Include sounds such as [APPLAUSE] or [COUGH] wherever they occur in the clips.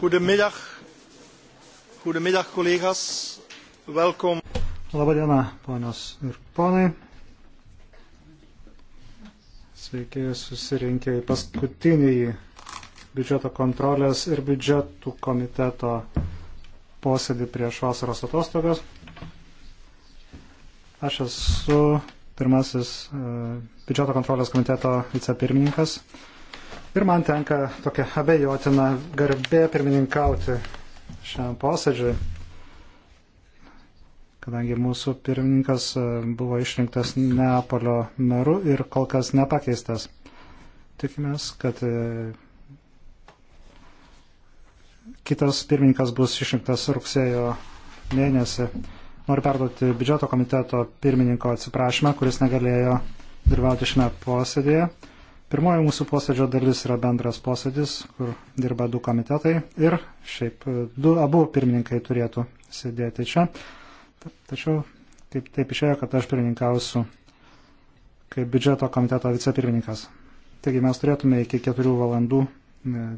Goedemiddag. Goedemiddag, collega's. Welkom. Labadiena, ponios ir ponai. Sveiki susirinkę į paskutinį biudžeto kontrolės ir biudžetų komiteto posėdį prieš vasaros atostogas. Aš esu pirmasis e, biudžeto kontrolės komiteto vicepirmininkas. Ir man tenka tokia abejotina garbė pirmininkauti šiam posėdžiui, kadangi mūsų pirmininkas e, buvo išrinktas Neapolio meru ir kol kas nepakeistas. Tikimės, kad e, kitas pirmininkas bus išrinktas rugsėjo mėnesį. Noriu perduoti biudžeto komiteto pirmininko atsiprašymą, kuris negalėjo dalyvauti šiame posėdėje. Pirmoji mūsų posėdžio dalis yra bendras posėdis, kur dirba du komitetai ir šiaip e, du, abu pirmininkai turėtų sėdėti čia. Tačiau taip, taip išėjo, kad aš pirmininkausiu kaip biudžeto komiteto vicepirmininkas. Taigi mes turėtume iki keturių valandų e,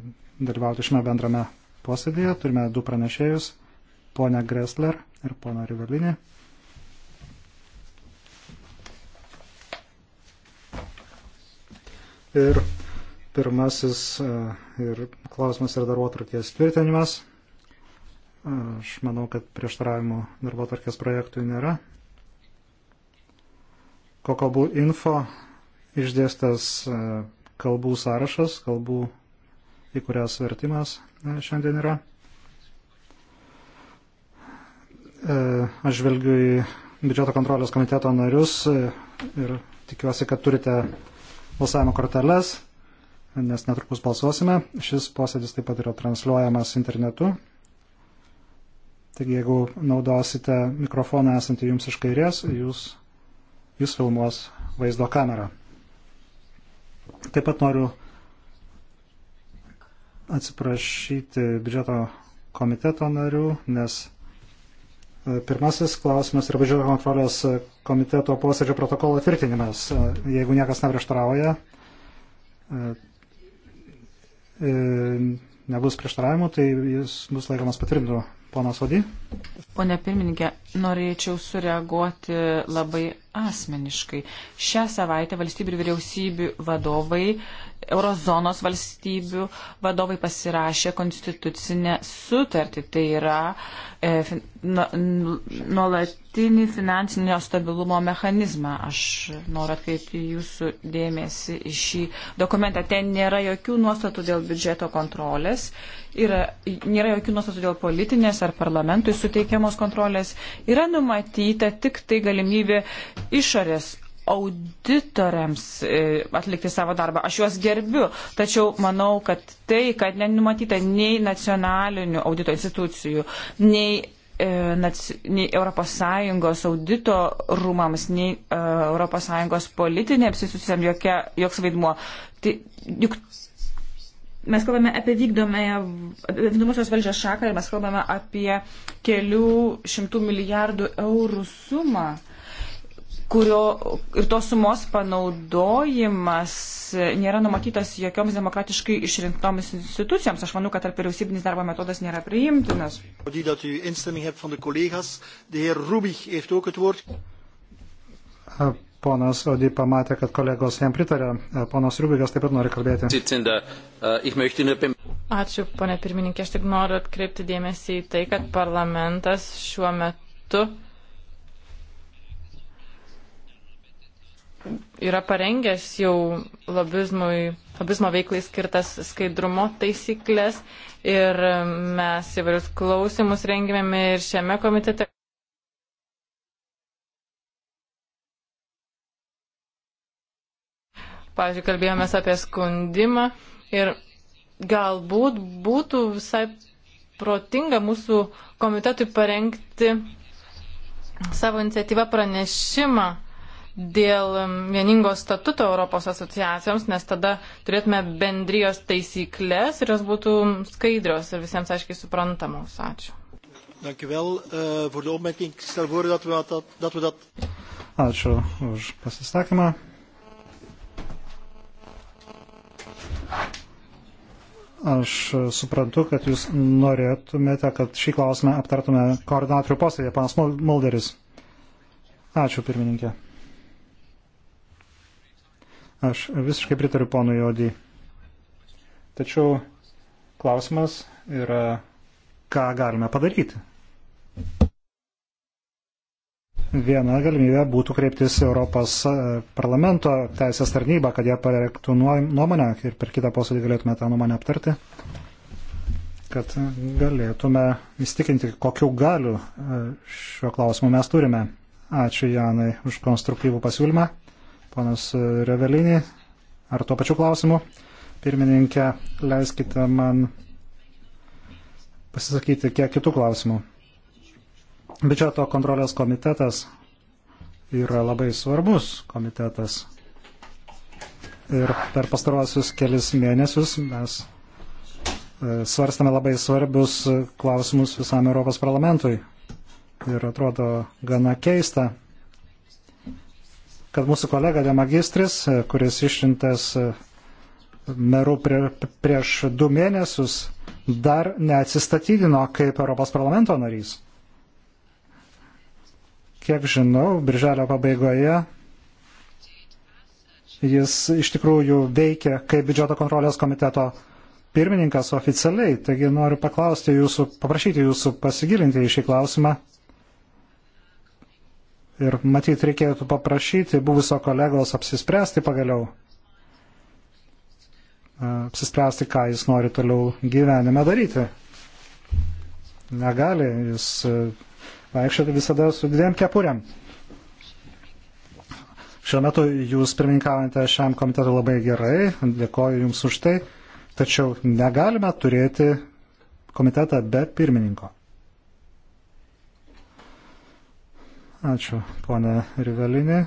dalyvauti šiame bendrame posėdėje. Turime du pranešėjus, ponę Gressler ir poną Rivalinį. Ir pirmasis e, ir klausimas yra darbo atrakės tvirtinimas. E, aš manau, kad prieštaravimų darbo atrakės projektui nėra. Kokobų info išdėstas e, kalbų sąrašas, kalbų į kurias vertimas šiandien yra. Aš žvelgiu į biudžeto kontrolės komiteto narius ir tikiuosi, kad turite balsavimo korteles, nes netrukus balsuosime. Šis posėdis taip pat yra transliuojamas internetu. Taigi, jeigu naudosite mikrofoną esantį jums iš kairės, jūs, jūs filmuos vaizdo kamerą. Taip pat noriu atsiprašyti biudžeto komiteto narių, nes E, pirmasis klausimas yra biudžeto kontrolės komiteto posėdžio protokolo tvirtinimas. E, jeigu niekas neprieštarauja, e, nebus prieštaravimų, tai jis bus laikomas patvirtintu. Ponas Vadį. Pone pirmininkė, norėčiau sureaguoti labai asmeniškai. Šią savaitę valstybių ir vyriausybių vadovai, eurozonos valstybių vadovai pasirašė konstitucinę sutartį. Tai yra e, nu, nuolatinį finansinio stabilumo mechanizmą. Aš noriu atkreipti jūsų dėmesį į šį dokumentą. Ten nėra jokių nuostatų dėl biudžeto kontrolės. Yra, nėra jokių nuostatų dėl politinės ar parlamentui suteikiamos kontrolės. Yra numatyta tik tai galimybė išorės auditoriams e, atlikti savo darbą. Aš juos gerbiu, tačiau manau, kad tai, kad nenumatyta nei nacionalinių audito institucijų, nei e, nei ES audito rūmams, nei ES politinėms institucijams joks vaidmuo. Tai juk mes kalbame apie vykdomosios valdžios šaką ir mes kalbame apie kelių šimtų milijardų eurų sumą kurio ir tos sumos panaudojimas nėra numatytas jokioms demokratiškai išrinktoms institucijoms. Aš manau, kad tarp vyriausybinis darbo metodas nėra priimtinas. Ponas Odi pamatė, kad kolegos jam pritarė. Ponas Rubikas taip pat nori kalbėti. Ačiū, ponė pirmininkė. Aš tik noriu atkreipti dėmesį į tai, kad parlamentas šiuo metu yra parengęs jau lobizmui, lobizmo veiklai skirtas skaidrumo taisyklės ir mes įvairius klausimus rengėme ir šiame komitete. Pavyzdžiui, kalbėjomės apie skundimą ir galbūt būtų visai protinga mūsų komitetui parengti savo iniciatyvą pranešimą dėl vieningo statuto Europos asociacijoms, nes tada turėtume bendrijos taisyklės ir jos būtų skaidrios ir visiems aiškiai suprantamos. Ačiū. Eh, Ačiū už pasisakymą. Aš suprantu, kad jūs norėtumėte, kad šį klausimą aptartume koordinatorių posėdėje, panas Mulderis. Ačiū, pirmininkė. Aš visiškai pritariu ponui Jodį. Tačiau klausimas yra, ką galime padaryti. Viena galimybė būtų kreiptis Europos e, parlamento teisės tarnybą, kad jie pareiktų nuomonę ir per kitą posėdį galėtume tą nuomonę aptarti, kad galėtume įstikinti, kokiu galiu e, šiuo klausimu mes turime. Ačiū Janai už konstruktyvų pasiūlymą. Ponas Revelinį, ar tuo pačiu klausimu? Pirmininkė, leiskite man pasisakyti kiek kitų klausimų. Biudžeto kontrolės komitetas yra labai svarbus komitetas. Ir per pastaruosius kelis mėnesius mes e, svarstame labai svarbius klausimus visam Europos parlamentui. Ir atrodo gana keista, kad mūsų kolega Demagistris, e, kuris išrintas e, meru prie, prieš du mėnesius, dar neatsistatydino kaip Europos parlamento narys. Kiek žinau, birželio pabaigoje jis iš tikrųjų veikia kaip biudžeto kontrolės komiteto pirmininkas oficialiai. Taigi noriu paklausti jūsų, paprašyti jūsų pasigilinti į šį klausimą Ir matyt, reikėtų paprašyti buvusio kolegos apsispręsti pagaliau, apsispręsti, ką jis nori toliau gyvenime daryti. Negali jis vaikščioti visada su dviem kepuriam. Šiuo metu jūs pirmininkaujate šiam komitetui labai gerai, dėkoju Jums už tai, tačiau negalime turėti komitetą be pirmininko. Ačiū, ponė Rivelinė.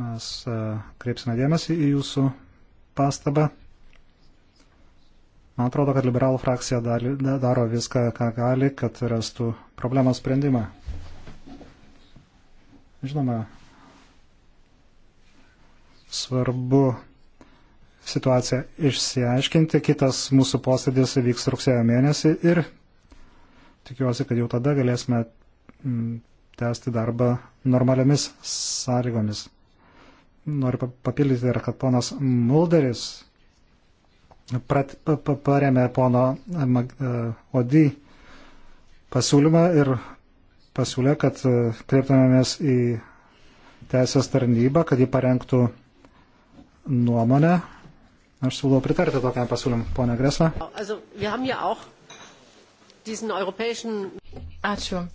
Mes e, kreipsime dėmesį į jūsų pastabą. Man atrodo, kad liberalų frakcija daro viską, ką gali, kad rastų problemos sprendimą. Žinoma, svarbu situaciją išsiaiškinti. Kitas mūsų posėdis vyks rugsėjo mėnesį ir tikiuosi, kad jau tada galėsime tęsti darbą normaliomis sąlygomis. Noriu papildyti ir, kad ponas Mulderis paremė pono e, Odį pasiūlymą ir pasiūlė, kad e, kreiptumėmės į teisės tarnybą, kad jį parengtų nuomonę. Aš siūlau pritarti tokiam pasiūlymui, ponia Gresla. Ačiū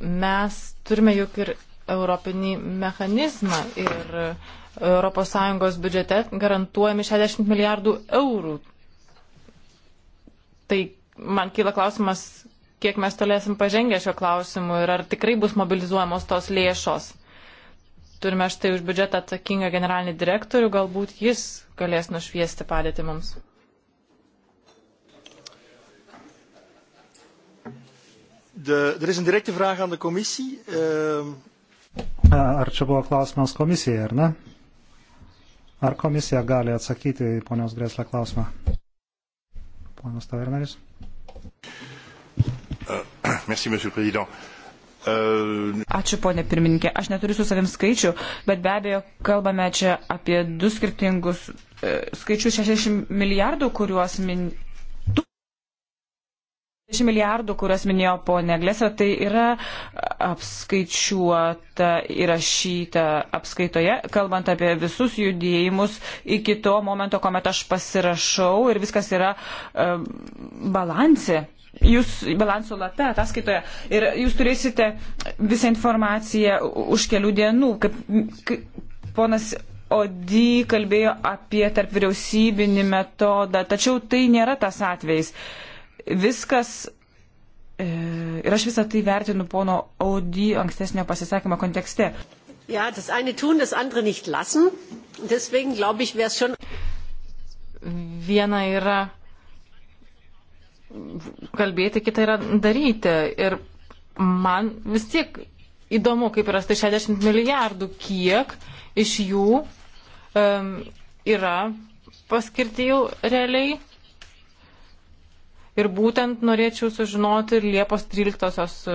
mes turime juk ir europinį mechanizmą ir ES biudžete garantuojami 60 milijardų eurų. Tai man kyla klausimas, kiek mes tolėsim pažengę šio klausimu ir ar tikrai bus mobilizuojamos tos lėšos. Turime štai už biudžetą atsakingą generalinį direktorių, galbūt jis galės nušviesti padėtį mums. De, er is een directe vraag aan de commissie. Uh... Ar čia buvo klausimas komisijai, ar ne? Ar komisija gali atsakyti į ponios Greslę klausimą? Ponas Taverneris. Uh, [CLEARS THROAT] merci, monsieur président. Uh... Ačiū, ponė pirmininkė. Aš neturiu su savim skaičių, bet be abejo kalbame čia apie du skirtingus e, skaičius 60 milijardų, kuriuos min, 10 milijardų, kurias minėjo ponė Glesra, tai yra apskaičiuota, įrašyta apskaitoje, kalbant apie visus judėjimus iki to momento, kuomet aš pasirašau ir viskas yra uh, balanse. Jūs balansų lape ataskaitoje ir jūs turėsite visą informaciją už kelių dienų. Kaip, kaip ponas Odi kalbėjo apie tarp vyriausybinį metodą, tačiau tai nėra tas atvejs. Uh, viskas e, ir aš visą tai vertinu pono Audi ankstesnio pasisakymo kontekste. Ja, das eine tun, das andere nicht lassen. Deswegen glaube ich, wäre es schon. Viena yra kalbėti, kita yra daryti. Ir man vis tiek įdomu, kaip yra tai 60 milijardų, kiek iš jų um, yra paskirti jau realiai Ir būtent norėčiau sužinoti Liepos 13-osios e,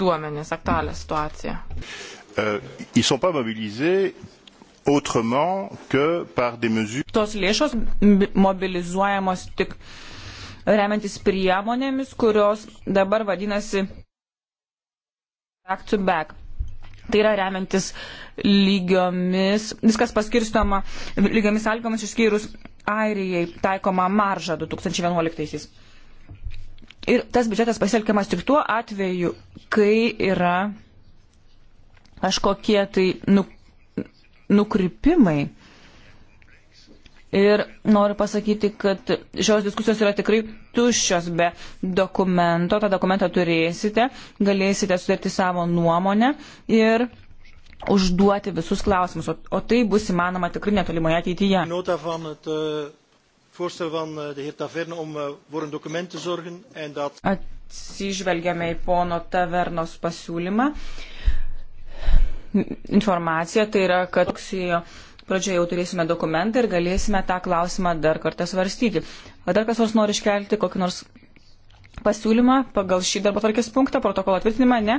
duomenys, aktualią situaciją. Euh, Tos lėšos mobilizuojamos tik remiantis priemonėmis, kurios dabar vadinasi back to back. Tai yra remiantis lygiomis, viskas paskirstoma lygiomis sąlygomis išskyrus Airijai taikoma marža 2011. -aisiais ir tas biudžetas pasielkiamas tik tuo atveju, kai yra kažkokie tai nu, nukrypimai. Ir noriu pasakyti, kad šios diskusijos yra tikrai tuščios be dokumento. Tą dokumentą turėsite, galėsite sudaryti savo nuomonę ir užduoti visus klausimus. O, o tai bus įmanoma tikrai netolimoje ateityje voorstel van eh, de heer Taverne om eh, voor een document te zorgen en dat. Atsižvelgiame į pono Tavernos pasiūlymą. Informacija tai yra, kad rugsėjo pradžioje jau turėsime dokumentą ir galėsime tą klausimą dar kartą svarstyti. Ar dar kas nors nori iškelti kokį nors pasiūlymą pagal šį darbo tvarkės punktą, protokolo atvirtinimą? Ne.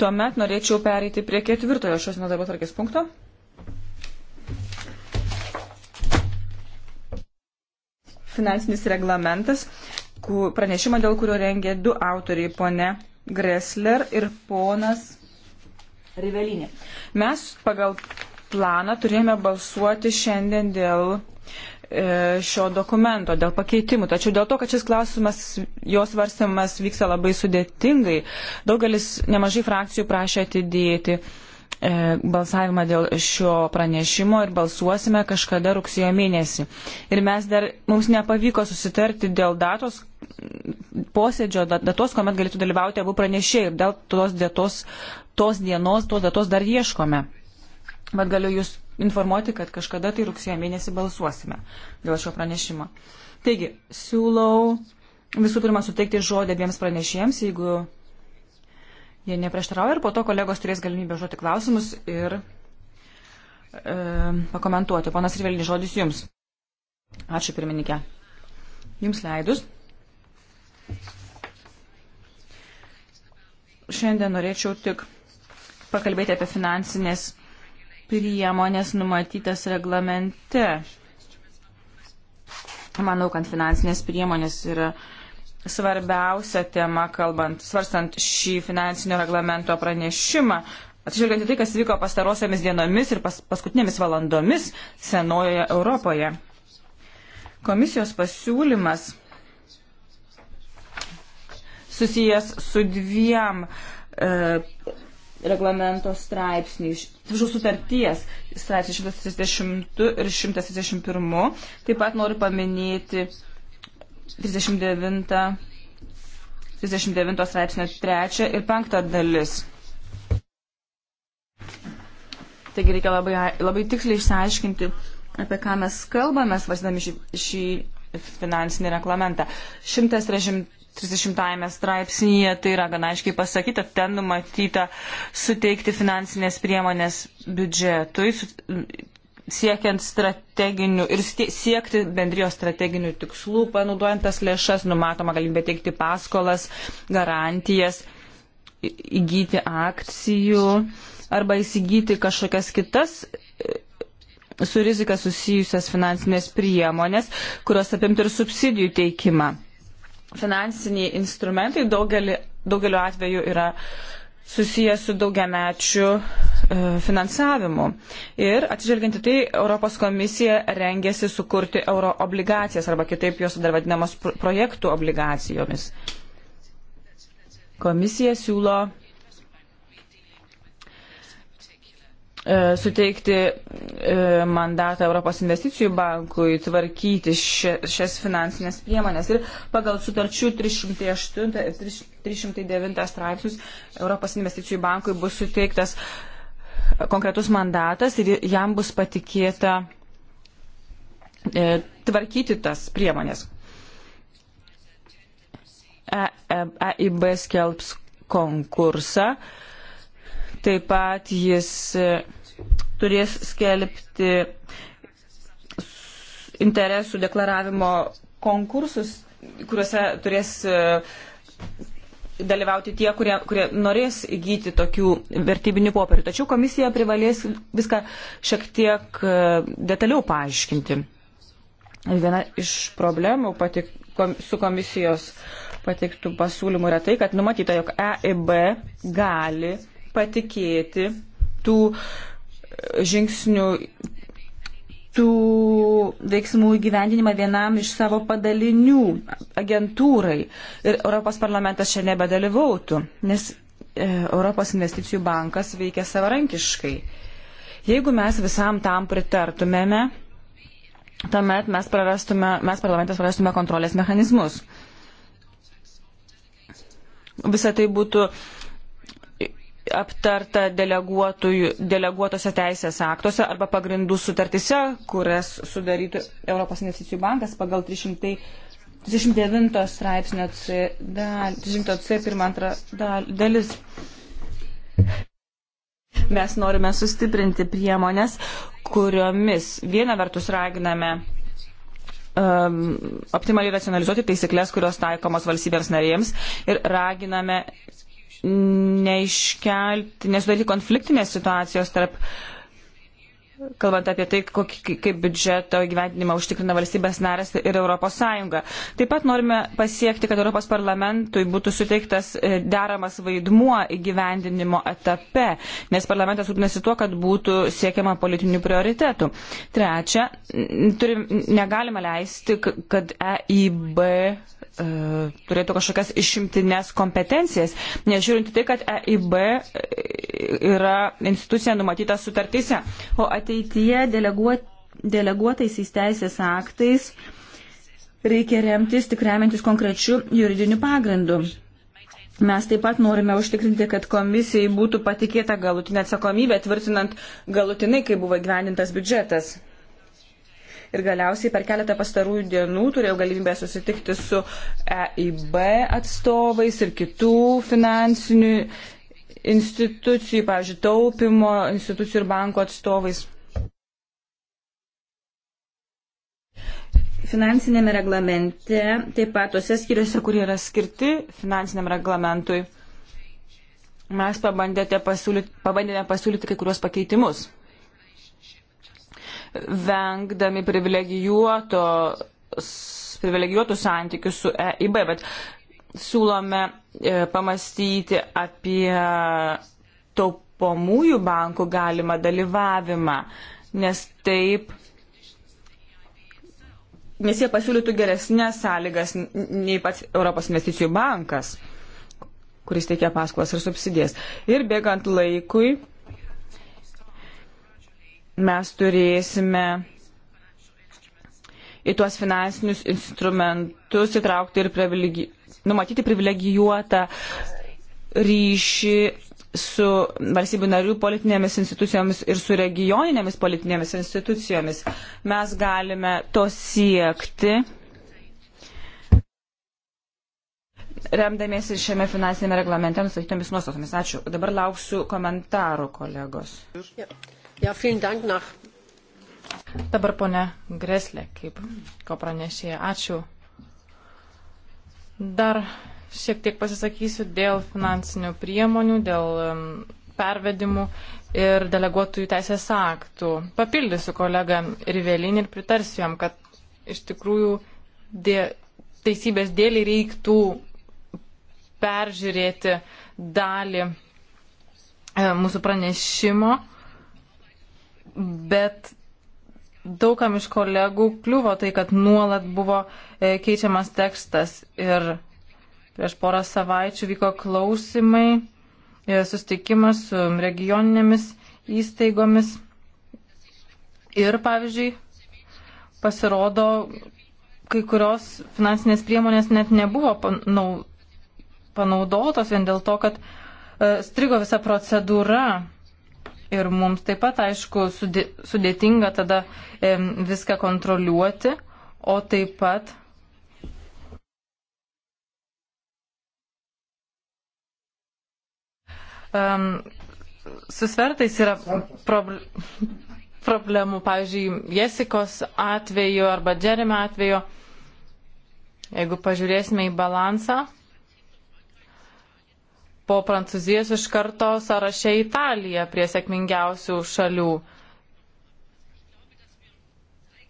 Tuomet norėčiau pereiti prie ketvirtojo šios dienos darbo tvarkės punkto. finansinis reglamentas, pranešimą dėl kurio rengė du autoriai, ponė Gressler ir ponas Rivelinė. Mes pagal planą turėjome balsuoti šiandien dėl e, šio dokumento, dėl pakeitimų. Tačiau dėl to, kad šis klausimas, jos varstymas vyksta labai sudėtingai, daugelis nemažai frakcijų prašė atidėti E, balsavimą dėl šio pranešimo ir balsuosime kažkada rugsėjo mėnesį. Ir mes dar, mums nepavyko susitarti dėl datos, posėdžio datos, kuomet galėtų dalyvauti abu pranešėjai ir dėl tos, dėtos, tos dienos, tos datos dar ieškome. Bet galiu Jūs informuoti, kad kažkada tai rugsėjo mėnesį balsuosime dėl šio pranešimo. Taigi, siūlau visų pirma suteikti žodį abiems pranešėjams, jeigu jie neprieštarauja ir po to kolegos turės galimybę žodžiu klausimus ir e, pakomentuoti. Ponas Rivelnis, žodis jums. Ačiū pirmininkė. Jums leidus. Šiandien norėčiau tik pakalbėti apie finansinės priemonės numatytas reglamente. Manau, kad finansinės priemonės yra svarbiausia tema, kalbant, svarstant šį finansinio reglamento pranešimą. Atsižvelgiant į tai, kas vyko pastarosiamis dienomis ir pas, paskutinėmis valandomis senojoje Europoje. Komisijos pasiūlymas susijęs su dviem e, reglamento straipsniais, tačiau sutarties straipsniai 160 ir 161. Taip pat noriu paminėti 39, 39 straipsnio 3 ir 5 dalis. Taigi reikia labai, labai tiksliai išsiaiškinti, apie ką mes kalbame, svarstydami šį, šį finansinį reglamentą. 130 straipsnėje tai yra gana aiškiai pasakyta, ten numatyta suteikti finansinės priemonės biudžetui, siekiant strateginių ir siekti bendrijos strateginių tikslų, panaudojant tas lėšas, numatoma galimybė teikti paskolas, garantijas, įgyti akcijų arba įsigyti kažkokias kitas e, su rizika susijusias finansinės priemonės, kurios apimtų ir subsidijų teikimą. Finansiniai instrumentai daugelį, daugeliu atveju yra susijęs su daugiamečiu E, finansavimu. Ir atsižvelginti tai, Europos komisija rengėsi sukurti euro obligacijas arba kitaip jos dar vadinamos projektų obligacijomis. Komisija siūlo e, suteikti e, mandatą Europos investicijų bankui tvarkyti šias finansinės priemonės. Ir pagal sutarčių 308 ir 309 straipsnius Europos investicijų bankui bus suteiktas uh, konkretus mandatas ir jam bus patikėta e, tvarkyti tas priemonės. EIB e, e skelbs konkursą, taip pat jis e, turės skelbti interesų deklaravimo konkursus, kuriuose turės dalyvauti tie, kurie, kurie norės įgyti tokių vertybinių popierių. Tačiau komisija privalės viską šiek tiek e, detaliau paaiškinti. Viena iš problemų patik, kom, su komisijos patiktų pasiūlymų yra tai, kad numatyta, jog EIB gali patikėti tų e, žingsnių tų veiksmų įgyvendinimą vienam iš savo padalinių agentūrai ir Europos parlamentas čia nebedalyvautų, nes e, Europos investicijų bankas veikia savarankiškai. Jeigu mes visam tam pritartumėme, tuomet mes, prarastume, mes parlamentas prarastume kontrolės mechanizmus. Visą tai būtų uh, aptarta deleguotose teisės aktuose arba pagrindų sutartise, kurias sudarytų Europos investicijų bankas pagal 300, 309 straipsnio C, dal, 300C pirmą antrą dal, dalis. Mes norime sustiprinti priemonės, kuriomis viena vertus raginame um, optimaliai racionalizuoti taisyklės, kurios taikomos valstybėms narėms ir raginame neiškelti, nesudaryti konfliktinės situacijos tarp, kalbant apie tai, kokį, kaip biudžeto gyventinimą užtikrina valstybės narės ir ES. Taip pat norime pasiekti, kad Europos parlamentui būtų suteiktas e, deramas vaidmuo įgyvendinimo etape, nes parlamentas rūpinasi tuo, kad būtų siekiama politinių prioritetų. Trečia, turim, negalime leisti, kad EIB E, turėtų kažkokias išimtinės kompetencijas, nežiūrint tai, kad EIB e, yra institucija numatyta sutartyse, o ateityje deleguot, deleguotaisiais teisės aktais reikia remtis tik remiantis konkrečių juridinių pagrindų. Mes taip pat norime užtikrinti, kad komisijai būtų patikėta galutinė atsakomybė, tvirtinant galutinai, kai buvo gyvenintas biudžetas ir galiausiai per keletą pastarųjų dienų turėjau galimybę susitikti su EIB atstovais ir kitų finansinių institucijų, pavyzdžiui, taupimo institucijų ir banko atstovais. finansinėme reglamente, taip pat tose skyriuose, kurie yra skirti finansiniam reglamentui, mes pabandėme pasiūlyti, pabandėme pasiūlyti kai kuriuos pakeitimus vengdami privilegijuotų santykių su EIB, bet siūlome e, pamastyti apie taupomųjų bankų galimą dalyvavimą, nes taip nes jie pasiūlytų geresnės sąlygas nei pats Europos investicijų bankas, kuris teikia paskolas ir subsidijas. Ir bėgant laikui, mes turėsime į tuos finansinius instrumentus įtraukti ir privilegi... numatyti privilegijuotą ryšį su valstybių narių politinėmis institucijomis ir su regioninėmis politinėmis institucijomis. Mes galime to siekti, remdamiesi šiame finansinėme reglamente nustatytomis nuostatomis. Ačiū. Dabar lauksiu komentarų, kolegos. Yep. Ja, dank nach. Dabar ponė Greslė, kaip ko pranešėja. Ačiū. Dar šiek tiek pasisakysiu dėl finansinių priemonių, dėl pervedimų ir deleguotųjų teisės aktų. Papildysiu kolegą Rivelinį ir pritarsiu jam, kad iš tikrųjų dė, teisybės dėlį reiktų peržiūrėti dalį e, mūsų pranešimo bet daugam iš kolegų kliuvo tai, kad nuolat buvo e, keičiamas tekstas ir prieš porą savaičių vyko klausimai, e, sustikimas su regioninėmis įstaigomis ir, pavyzdžiui, pasirodo, kai kurios finansinės priemonės net nebuvo panaudotos vien dėl to, kad e, strigo visa procedūra Ir mums taip pat, aišku, sudėtinga tada viską kontroliuoti, o taip pat. Um, su svertais yra problemų, pavyzdžiui, Jesikos atveju arba Džeremio atveju. Jeigu pažiūrėsime į balansą, po Prancūzijos iš karto sąraše Italija prie sėkmingiausių šalių.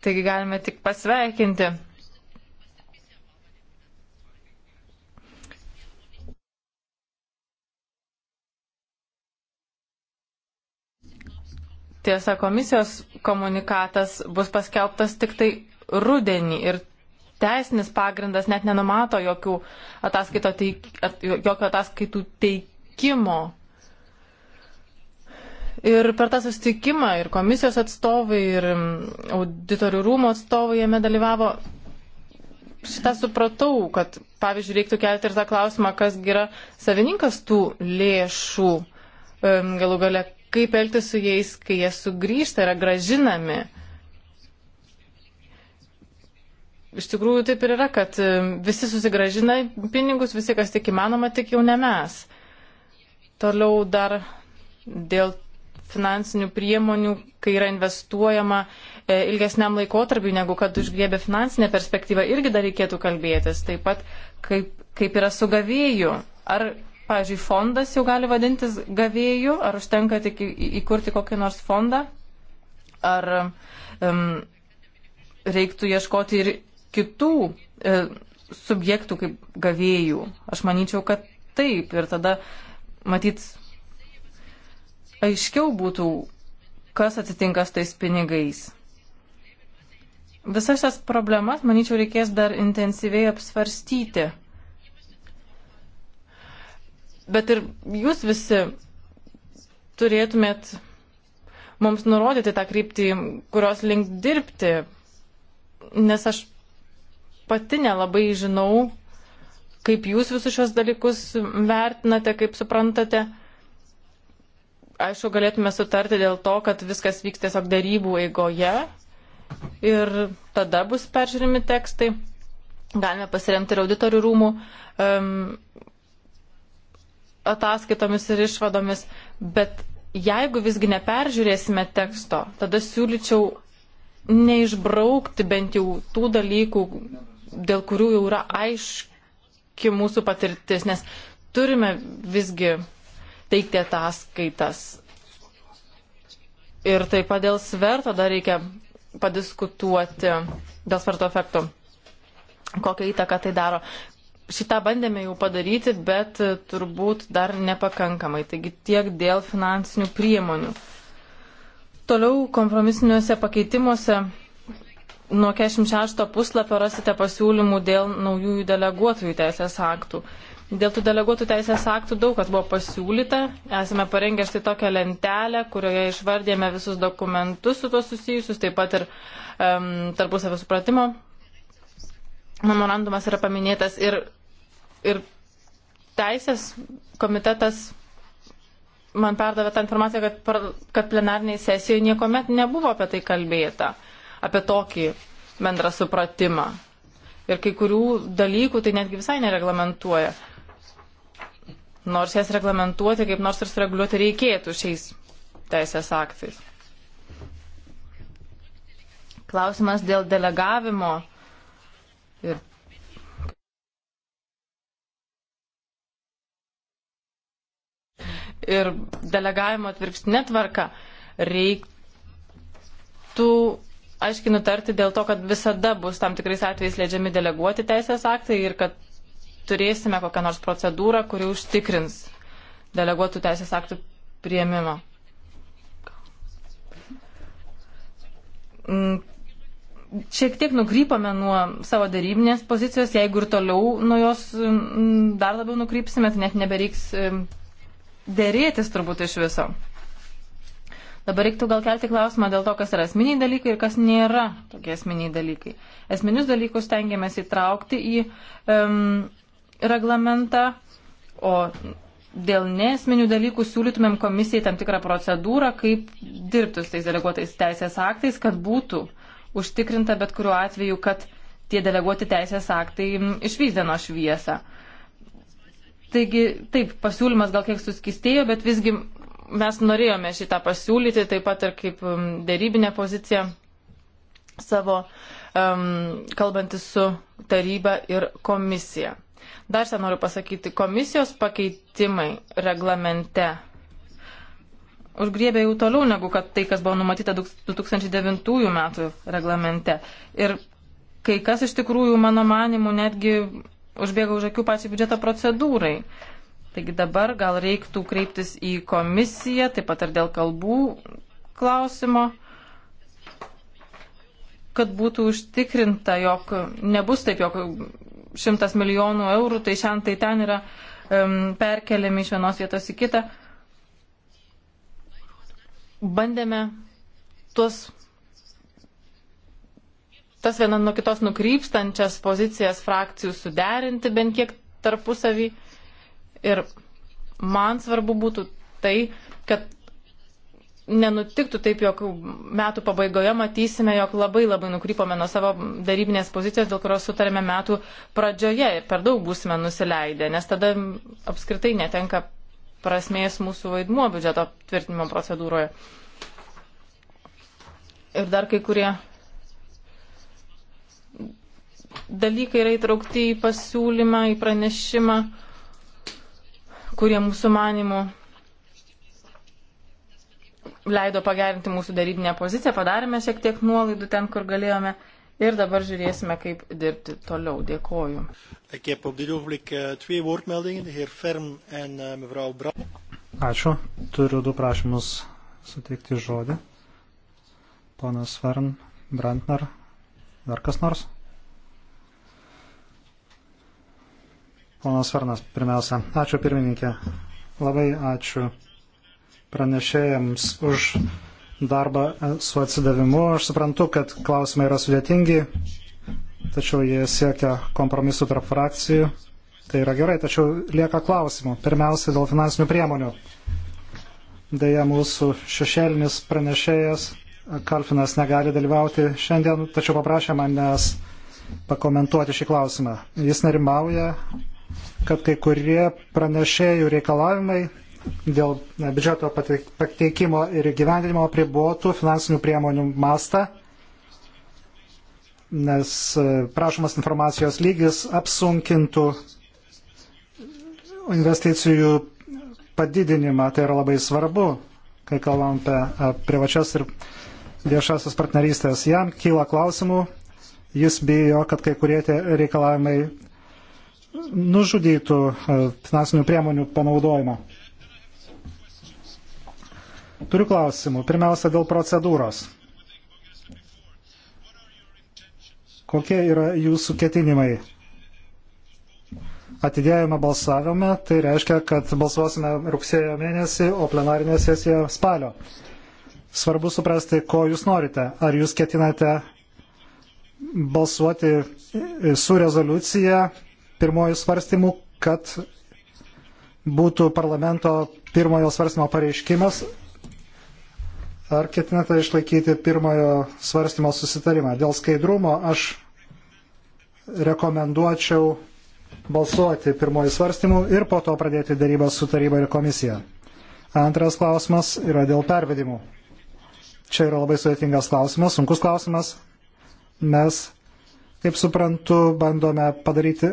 Taigi galime tik pasveikinti. Tiesa, komisijos komunikatas bus paskelbtas tik tai rudenį ir teisinis pagrindas net nenumato jokių ataskaito teik, jokio ataskaitų teikimo. Ir per tą susitikimą ir komisijos atstovai, ir mm, auditorių rūmų atstovai jame dalyvavo. Šitą supratau, kad, pavyzdžiui, reiktų kelti ir tą klausimą, kas yra savininkas tų lėšų, galų gale, kaip elgtis su jais, kai jie sugrįžta, yra gražinami. Uh, iš tikrųjų taip ir yra, kad visi susigražina pinigus, visi kas tik įmanoma, tik jau ne mes. Toliau dar dėl finansinių priemonių, kai yra investuojama e, ilgesniam laikotarpiu, negu kad užgriebė finansinę perspektyvą, irgi dar reikėtų kalbėtis. Taip pat, kaip, kaip yra su gavėju. Ar, pavyzdžiui, fondas jau gali vadintis gavėju, ar užtenka tik įkurti kokį nors fondą, ar um, reiktų ieškoti ir kitų e, subjektų kaip gavėjų. Aš manyčiau, kad taip. Ir tada matyt aiškiau būtų, kas atsitinka su tais pinigais. Visas šias problemas, manyčiau, reikės dar intensyviai apsvarstyti. Bet ir jūs visi turėtumėt mums nurodyti tą kryptį, kurios link dirbti, nes aš pati nelabai žinau, kaip jūs visus šios dalykus vertinate, kaip suprantate. Aišku, galėtume sutarti dėl to, kad viskas vyks tiesiog darybų eigoje ir tada bus peržiūrimi tekstai. Galime pasiremti ir auditorių rūmų um, ataskaitomis ir išvadomis, bet jeigu visgi neperžiūrėsime teksto, tada siūlyčiau neišbraukti bent jau tų dalykų, dėl kurių jau yra aiški mūsų patirtis, nes turime visgi teikti ataskaitas. Ir taip pat dėl sverto dar reikia padiskutuoti, dėl sverto efektų, kokią įtaką tai daro. Šitą bandėme jau padaryti, bet turbūt dar nepakankamai. Taigi tiek dėl finansinių priemonių. Toliau kompromisiniuose pakeitimuose nuo 46 puslapio rasite pasiūlymų dėl naujųjų deleguotųjų teisės aktų. Dėl tų deleguotų teisės aktų daug kas buvo pasiūlyta. Esame parengę štai tokią lentelę, kurioje išvardėme visus dokumentus su tuo susijusius, taip pat ir um, tarpusavio supratimo memorandumas yra paminėtas ir, ir teisės komitetas man perdavė tą informaciją, kad, kad plenarniai sesijoje niekuomet nebuvo apie tai kalbėta. Uh, apie tokį bendrą supratimą. Ir kai kurių dalykų tai netgi visai nereglamentuoja. Nors jas reglamentuoti kaip nors ir sureguliuoti reikėtų šiais teisės aktais. Klausimas dėl delegavimo ir ir delegavimo atvirkštinė tvarka reiktų aiškiai nutarti dėl to, kad visada bus tam tikrais atvejais leidžiami deleguoti teisės aktai ir kad turėsime kokią nors procedūrą, kuri užtikrins deleguotų teisės aktų prieimimą. Mm, šiek tiek nukrypame nuo savo darybinės pozicijos, jeigu ir toliau nuo jos mm, dar labiau nukrypsime, tai net nebereiks mm, dėrėtis turbūt iš viso. Dabar reiktų gal kelti klausimą dėl to, kas yra esminiai dalykai ir kas nėra tokie esminiai dalykai. Esminius dalykus tengiamės įtraukti į um, reglamentą, o dėl nesminių dalykų siūlytumėm komisijai tam tikrą procedūrą, kaip dirbti su tais deleguotais teisės aktais, kad būtų užtikrinta bet kuriuo atveju, kad tie deleguoti teisės aktai išvysdeno šviesą. Taigi, taip, pasiūlymas gal kiek suskistėjo, bet visgi mes norėjome šitą pasiūlyti, taip pat ir kaip um, dėrybinę poziciją savo, um, kalbantis su taryba ir komisija. Dar čia noriu pasakyti, komisijos pakeitimai reglamente užgriebė jau toliau negu kad tai, kas buvo numatyta 2009 metų reglamente. Ir kai kas iš tikrųjų, mano manimu, netgi užbėga už akių pačiai biudžeto procedūrai. Uh, Taigi dabar gal reiktų kreiptis į komisiją, taip pat ir dėl kalbų klausimo, kad būtų užtikrinta, jog nebus taip, jog šimtas milijonų eurų, tai šiandien tai ten yra um, perkeliami iš vienos vietos į kitą. Bandėme tuos tas viena nuo kitos nukrypstančias pozicijas frakcijų suderinti bent kiek tarpusavį. Ir man svarbu būtų tai, kad nenutiktų taip, jog metų pabaigoje matysime, jog labai labai nukrypome nuo savo darybinės pozicijos, dėl kurios sutarėme metų pradžioje ir per daug būsime nusileidę, nes tada apskritai netenka prasmės mūsų vaidmuo biudžeto tvirtinimo procedūroje. Ir dar kai kurie dalykai yra įtraukti į pasiūlymą, į pranešimą kurie mūsų manimų leido pagerinti mūsų darybinę poziciją, padarėme šiek tiek nuolaidų ten, kur galėjome ir dabar žiūrėsime, kaip dirbti toliau. Dėkoju. Eh, eh, Ačiū. Turiu du prašymus suteikti žodį. Ponas Fern, Brantner, dar kas nors? Ponas Varnas, pirmiausia, ačiū pirmininkė. Labai ačiū pranešėjams už darbą e, su atsidavimu. Aš suprantu, kad klausimai yra sudėtingi, tačiau jie siekia kompromisų tarp frakcijų. Tai yra gerai, tačiau lieka klausimų. Pirmiausia, dėl finansinių priemonių. Deja, mūsų šešėlinis pranešėjas e, Kalfinas negali dalyvauti šiandien, tačiau paprašė manęs pakomentuoti šį klausimą. Jis nerimauja, kad kai kurie pranešėjų reikalavimai dėl biudžeto pateikimo ir gyvendinimo pribuotų finansinių priemonių mastą, nes e, prašomas informacijos lygis apsunkintų investicijų padidinimą. Tai yra labai svarbu, kai kalbam apie e, privačias ir viešasias partnerystės. Jam kyla klausimų, jis bijo, kad kai kurie tie reikalavimai nužudytų e, finansinių priemonių panaudojimą. Turiu klausimų. Pirmiausia, dėl procedūros. Kokie yra jūsų ketinimai? Atidėjome balsavimą, tai reiškia, kad balsuosime rugsėjo mėnesį, o plenarinė sesija spalio. Svarbu suprasti, ko jūs norite. Ar jūs ketinate balsuoti su rezoliucija pirmojų svarstymų, kad būtų parlamento pirmojo svarstymo pareiškimas. Ar ketinate išlaikyti pirmojo svarstymo susitarimą? Dėl skaidrumo aš rekomenduočiau balsuoti pirmojo svarstymu ir po to pradėti darybą su taryba ir komisija. Antras klausimas yra dėl pervedimų. Čia yra labai sudėtingas klausimas, sunkus klausimas. Mes, kaip suprantu, bandome padaryti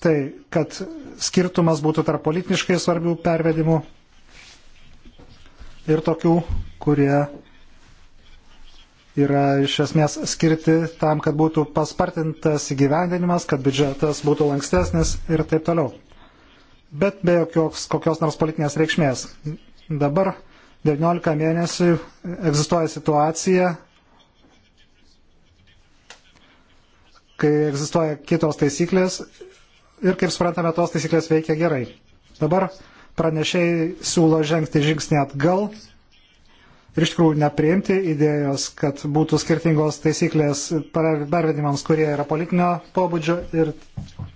tai, kad skirtumas būtų tarp politiškai svarbių pervedimų ir tokių, kurie yra iš esmės skirti tam, kad būtų paspartintas įgyvendinimas, kad biudžetas būtų lankstesnis ir taip toliau. Bet be jokios kokios nors politinės reikšmės. Dabar 19 mėnesių egzistuoja situacija, kai egzistuoja kitos taisyklės ir, kaip suprantame, tos taisyklės veikia gerai. Dabar pranešėjai siūlo žengti žingsnį atgal ir iš tikrųjų nepriimti idėjos, kad būtų skirtingos taisyklės pervedimams, kurie yra politinio pobūdžio ir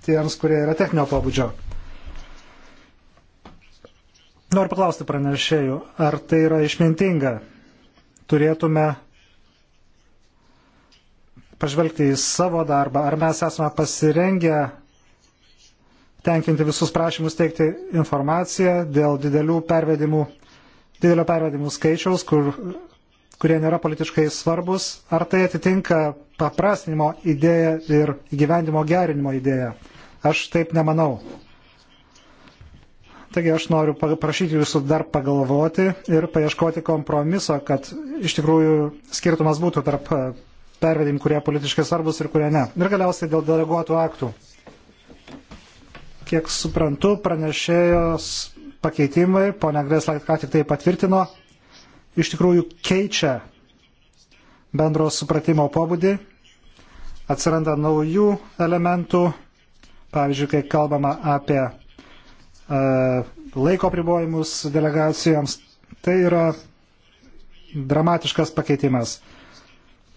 tiems, kurie yra techninio pobūdžio. Noriu paklausti pranešėjų, ar tai yra išmintinga? Turėtume pažvelgti į savo darbą, ar mes esame pasirengę tenkinti visus prašymus teikti informaciją dėl didelių pervedimų, didelio pervedimų skaičiaus, kur, kurie nėra politiškai svarbus, ar tai atitinka paprastinimo idėją ir gyvendimo gerinimo idėją. Aš taip nemanau. Taigi aš noriu paprašyti jūsų dar pagalvoti ir paieškoti kompromiso, kad iš tikrųjų skirtumas būtų tarp e, pervedimų, kurie politiškai svarbus ir kurie ne. Ir galiausiai dėl deleguotų aktų kiek suprantu, pranešėjos pakeitimai, ponia Gresla ką tik tai patvirtino, iš tikrųjų keičia bendro supratimo pobūdį, atsiranda naujų elementų, pavyzdžiui, kai kalbama apie e, laiko pribojimus delegacijoms, tai yra dramatiškas pakeitimas.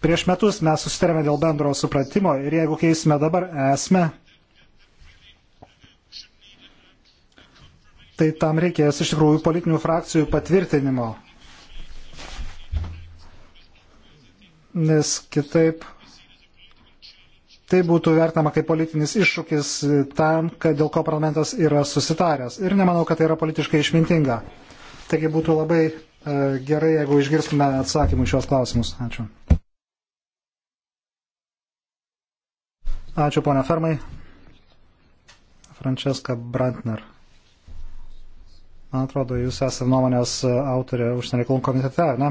Prieš metus mes susitarėme dėl bendro supratimo ir jeigu keisime dabar esmę, tai tam reikės iš tikrųjų politinių frakcijų patvirtinimo. Nes kitaip tai būtų vertinama kaip politinis iššūkis tam, kad dėl ko parlamentas yra susitaręs. Ir nemanau, kad tai yra politiškai išmintinga. Taigi būtų labai e, gerai, jeigu išgirstume atsakymų šios klausimus. Ačiū. Ačiū, ponia Fermai. Francesca Brantner. Man atrodo, jūs esate nuomonės e, autorė užsienio reikalų komitete, ne?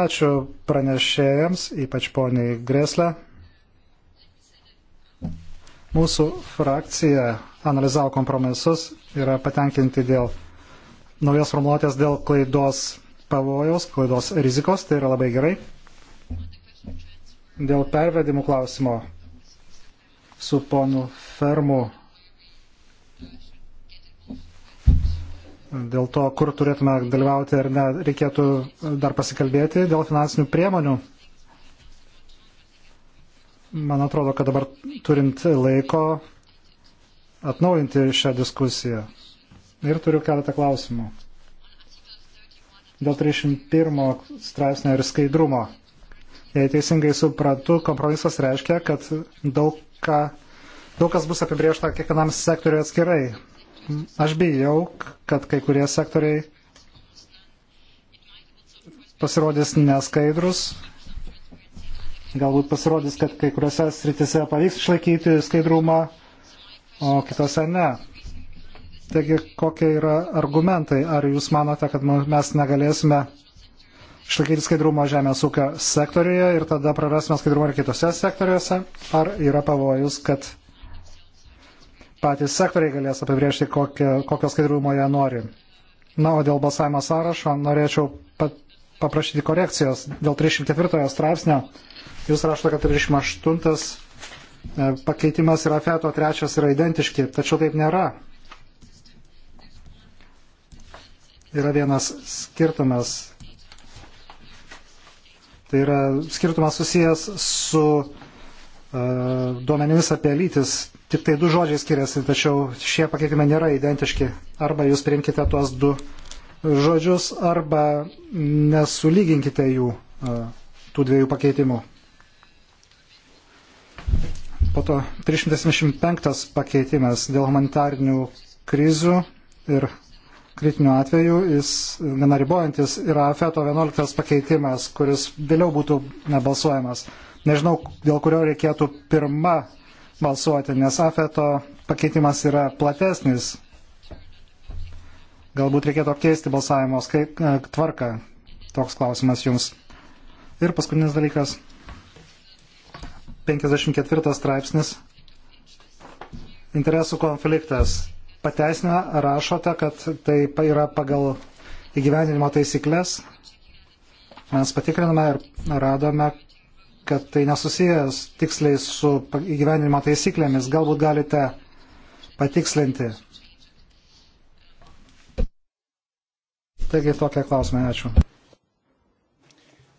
Ačiū pranešėjams, ypač poniai Greslė. Mūsų frakcija analizavo kompromisus, yra patenkinti dėl naujos formuluotės dėl klaidos pavojaus, klaidos rizikos, tai yra labai gerai. Dėl pervedimų klausimo su ponu Fermu dėl to, kur turėtume dalyvauti ar ne, reikėtų dar pasikalbėti dėl finansinių priemonių. Man atrodo, kad dabar turint laiko atnaujinti šią diskusiją. Ir turiu keletą klausimų. Dėl 31 straipsnio ir skaidrumo. Jei teisingai suprantu, kompromisas reiškia, kad daug, ką, daug kas bus apibriešta kiekvienam sektoriu atskirai Aš bijau, kad kai kurie sektoriai pasirodys neskaidrus. Galbūt pasirodys, kad kai kuriuose sritise pavyks išlaikyti skaidrumą, o kitose ne. Taigi, kokie yra argumentai? Ar jūs manote, kad mes negalėsime išlaikyti skaidrumo žemės ūkio sektoriuje ir tada prarasime skaidrumą ir kitose sektoriuose, ar yra pavojus, kad patys sektoriai galės apibriežti, kokio, kokio skaidrumo jie nori. Na, o dėl balsavimo sąrašo norėčiau paprašyti korekcijos. Dėl 34 straipsnio jūs rašote, kad 38 e, pakeitimas yra feto, trečias yra identiški, tačiau taip nėra. Yra vienas skirtumas. Tai yra skirtumas susijęs su E, duomenimis apie lytis. Tik tai du žodžiai skiriasi, tačiau šie pakeitimai nėra identiški. Arba jūs priimkite tuos du žodžius, arba nesulyginkite jų, e, tų dviejų pakeitimų. Po to 375 pakeitimas dėl humanitarnių krizių ir kritinių atvejų, jis gana ribojantis yra FETO 11 pakeitimas, kuris vėliau būtų nebalsuojamas. Nežinau, dėl kurio reikėtų pirmą balsuoti, nes afeto pakeitimas yra platesnis. Galbūt reikėtų apkeisti balsavimo skaip, e, tvarką. Toks klausimas jums. Ir paskutinis dalykas. 54 straipsnis. Interesų konfliktas. Pateisina rašote, kad tai yra pagal įgyvendinimo taisyklės. Mes patikriname ir radome, kad tai nesusijęs tiksliai su įgyvenimo taisyklėmis. Galbūt galite patikslinti. Taigi tokie klausimai. Ačiū.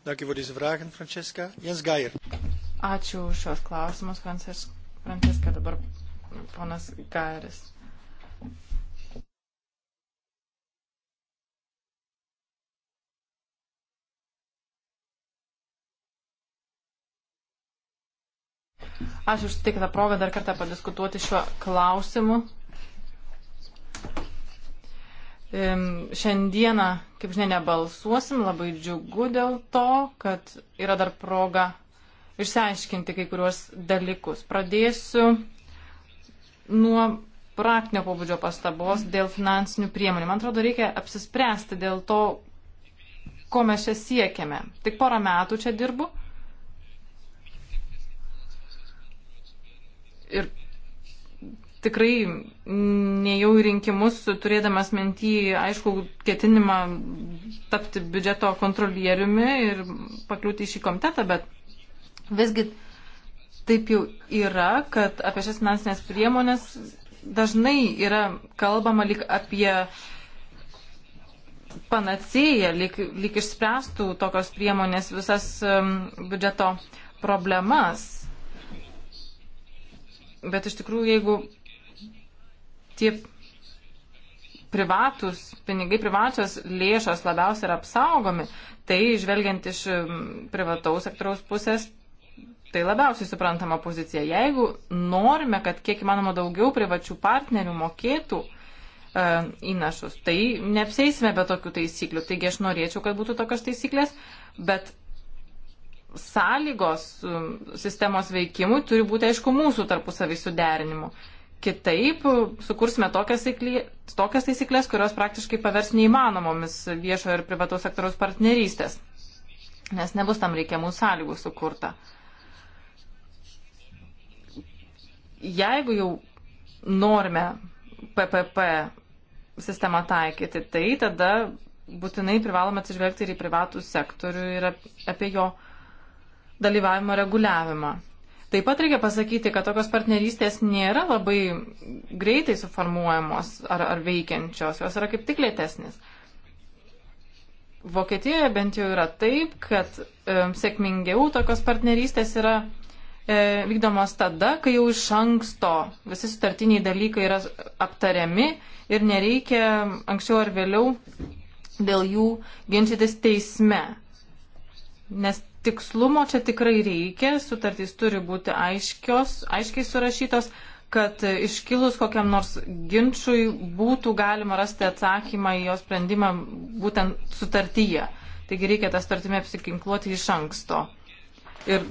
Dank u voor deze vragen, Francesca. Jens Geier. Ačiū už šios klausimus, Francis, Francisca. Dabar ponas Gairis. Ačiū už teiktą progą dar kartą padiskutuoti šiuo klausimu. Šiandieną, kaip žinia, nebalsuosim, labai džiugu dėl to, kad yra dar proga išsiaiškinti kai kuriuos dalykus. Pradėsiu nuo praktinio pobūdžio pastabos dėl finansinių priemonių. Man atrodo, reikia apsispręsti dėl to, ko mes čia siekiame. Tik porą metų čia dirbu ir tikrai nejau į rinkimus, turėdamas mentį, aišku, ketinimą tapti biudžeto kontrolieriumi ir pakliūti į šį komitetą, bet visgi taip jau yra, kad apie šias finansinės priemonės dažnai yra kalbama lik apie panacėją, lik, lik išspręstų tokios priemonės visas um, biudžeto problemas Bet iš tikrųjų, jeigu tie privatus pinigai, privačios lėšos labiausiai yra apsaugomi, tai žvelgiant iš privataus sektoriaus pusės, tai labiausiai suprantama pozicija. Jeigu norime, kad kiek įmanoma daugiau privačių partnerių mokėtų e, įnašus, tai neapsėsime be tokių taisyklių. Taigi aš norėčiau, kad būtų tokios taisyklės, bet sąlygos um, sistemos veikimui turi būti, aišku, mūsų tarpusavį suderinimu. Kitaip uh, sukursime tokias, taiklį, tokias taisyklės, kurios praktiškai pavers neįmanomomis viešojo ir privataus sektoriaus partnerystės, nes nebus tam reikiamų sąlygų sukurta. Jeigu jau norime PPP sistemą taikyti, tai tada būtinai privalome atsižvelgti ir į privatų sektorių ir apie jo dalyvavimo reguliavimą. Taip pat reikia pasakyti, kad tokios partnerystės nėra labai greitai suformuojamos ar, ar veikiančios, jos yra kaip tik lėtesnis. Vokietijoje bent jau yra taip, kad e, sėkmingiau tokios partnerystės yra e, vykdomos tada, kai jau iš anksto visi sutartiniai dalykai yra aptariami ir nereikia anksčiau ar vėliau dėl jų ginčytis teisme. Nes tikslumo čia tikrai reikia, sutartys turi būti aiškios, aiškiai surašytos, kad iškilus kokiam nors ginčiui būtų galima rasti atsakymą į jo sprendimą būtent sutartyje. Taigi reikia tą sutartimį apsikinkluoti iš anksto. Ir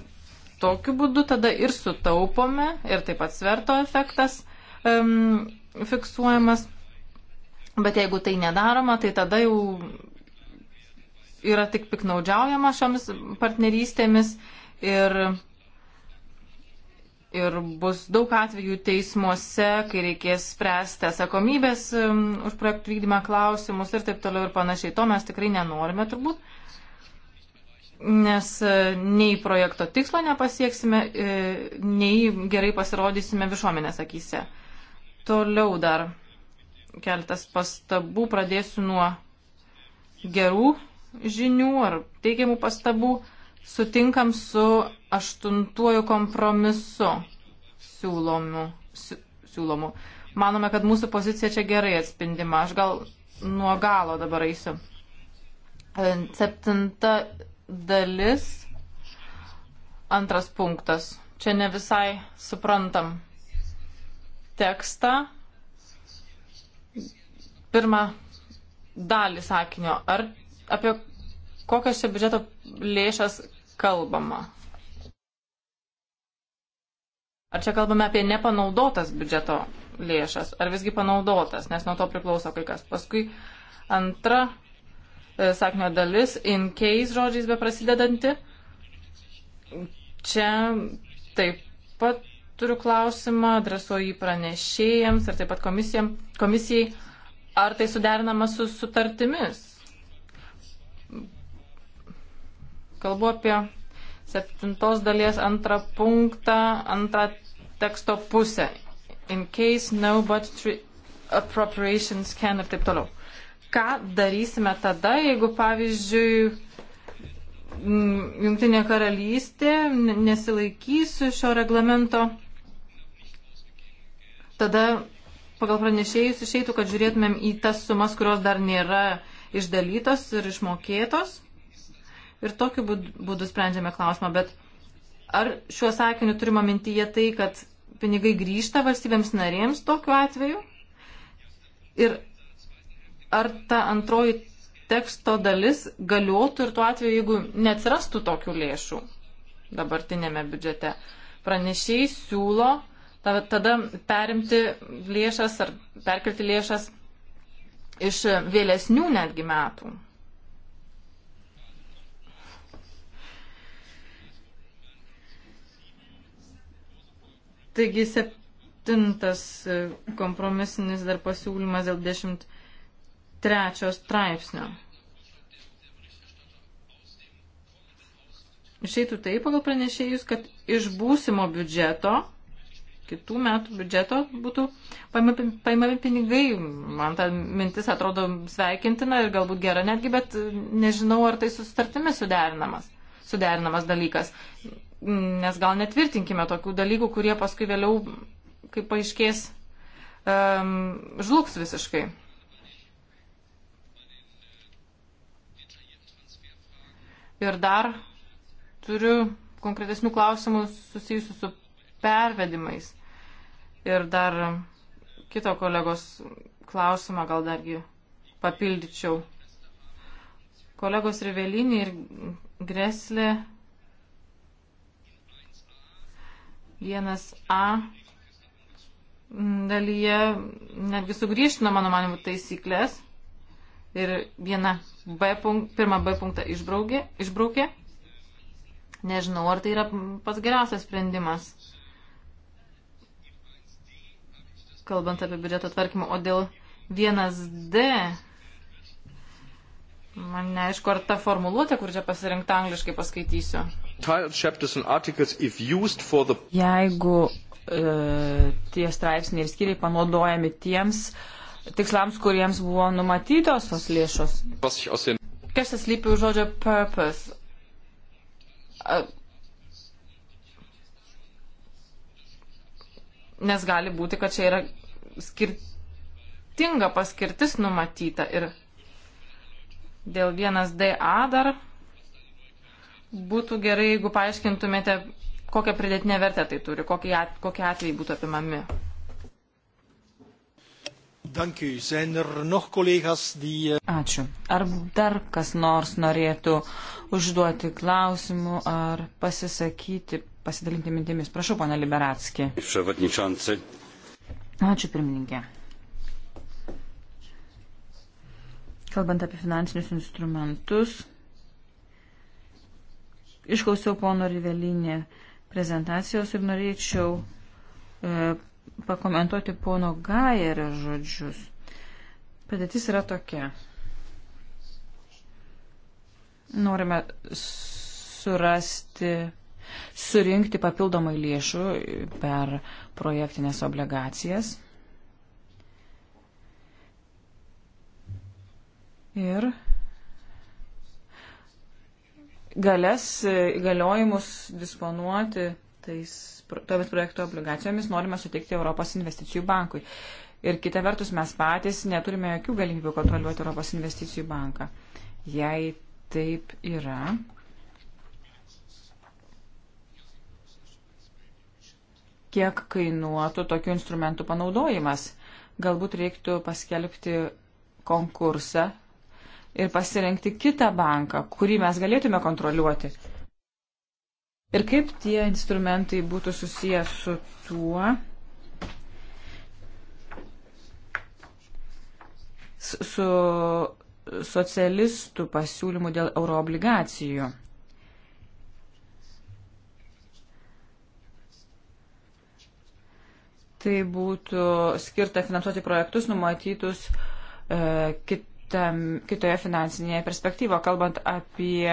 tokiu būdu tada ir sutaupome, ir taip pat sverto efektas um, fiksuojamas. Bet jeigu tai nedaroma, tai tada jau yra tik piknaudžiaujama šiomis partnerystėmis ir, ir bus daug atvejų teismuose, kai reikės spręsti atsakomybės um, už projektų vykdymą klausimus ir taip toliau ir panašiai. To mes tikrai nenorime turbūt, nes e, nei projekto tikslo nepasieksime, e, nei gerai pasirodysime viešuomenės akise. Toliau dar keletas pastabų pradėsiu nuo gerų žinių ar teigiamų pastabų, sutinkam su aštuntuoju kompromisu siūlomu. siūlomu. Manome, kad mūsų pozicija čia gerai atspindima. Aš gal nuo galo dabar eisiu. E, septinta dalis, antras punktas. Čia ne visai suprantam tekstą. Pirmą dalį sakinio. Ar apie kokias čia biudžeto lėšas kalbama? Ar čia kalbame apie nepanaudotas biudžeto lėšas, ar visgi panaudotas, nes nuo to priklauso kai kas. Paskui antra e, sakinio dalis, in case žodžiais beprasidedanti. Čia taip pat turiu klausimą, adresuoju jį pranešėjams ir taip pat komisijai, ar tai suderinama su sutartimis. Kalbu apie septintos dalies antrą punktą, antrą teksto pusę. In case no but appropriations can ir taip toliau. Ką darysime tada, jeigu pavyzdžiui Junktinė karalystė nesilaikys šio reglamento, tada pagal pranešėjus išeitų, kad žiūrėtumėm į tas sumas, kurios dar nėra išdalytos ir išmokėtos ir tokiu būdu sprendžiame klausimą. Bet ar šiuo sakiniu turima mintyje tai, kad pinigai grįžta valstybėms narėms tokiu atveju? Ir ar ta antroji teksto dalis galiotų ir tuo atveju, jeigu neatsirastų tokių lėšų dabartinėme biudžete? Pranešiai siūlo tada perimti lėšas ar perkelti lėšas iš vėlesnių netgi metų. Taigi septintas kompromisinis dar pasiūlymas dėl 13 straipsnio. Išeitų taip pagal pranešėjus, kad iš būsimo biudžeto, kitų metų biudžeto būtų paimami pinigai. Man ta mintis atrodo sveikintina ir galbūt gera netgi, bet nežinau, ar tai su sutartimi suderinamas, suderinamas dalykas nes gal netvirtinkime tokių dalykų, kurie paskui vėliau, kaip paaiškės, um, žlugs visiškai. Ir dar turiu konkretesnių klausimų susijusių su pervedimais. Ir dar kito kolegos klausimą gal dargi papildyčiau. Kolegos Rivelinį ir Greslė 1A dalyje netgi sugrįžtino, mano manimu, taisyklės ir vieną B punkt, pirmą B punktą išbraukė, išbraukė. Nežinau, ar tai yra pats geriausias sprendimas, kalbant apie biudžeto tvarkymą. O dėl 1D Man neaišku, ar ta formuluotė, kur čia pasirinkta angliškai paskaitysiu. The... Jeigu e, tie straipsniai ir skyriai panaudojami tiems tikslams, kuriems buvo numatytos tos lėšos. Kas tas lypi už žodžio purpose? A, nes gali būti, kad čia yra skirtinga paskirtis numatyta ir Dėl 1DA dar būtų gerai, jeigu paaiškintumėte, kokią pridėtinę vertę tai turi, kokie, at, kokie atvejai būtų apimami. Er eh, Ačiū. Ar dar kas nors norėtų užduoti klausimų ar pasisakyti, pasidalinti mintimis? Prašau, pana Liberatski. Ačiū, pirmininkė. Kalbant apie finansinius instrumentus, išklausiau pono Rivelinį prezentacijos ir norėčiau e, pakomentuoti pono Gajerio žodžius. Padėtis yra tokia. Norime surasti, surinkti papildomai lėšų per projektinės obligacijas. ir galės e, įgaliojimus disponuoti tais, tomis projekto obligacijomis norime suteikti Europos investicijų bankui. Ir kita vertus, mes patys neturime jokių galimybių kontroliuoti Europos investicijų banką. Jei taip yra. kiek kainuotų tokių instrumentų panaudojimas. Galbūt reiktų paskelbti konkursą ir pasirinkti kitą banką, kurį mes galėtume kontroliuoti. Ir kaip tie instrumentai būtų susiję su tuo, su socialistų pasiūlymu dėl euroobligacijų. Tai būtų skirta finansuoti projektus numatytus e, kit, kitam, kitoje finansinėje perspektyvoje, kalbant apie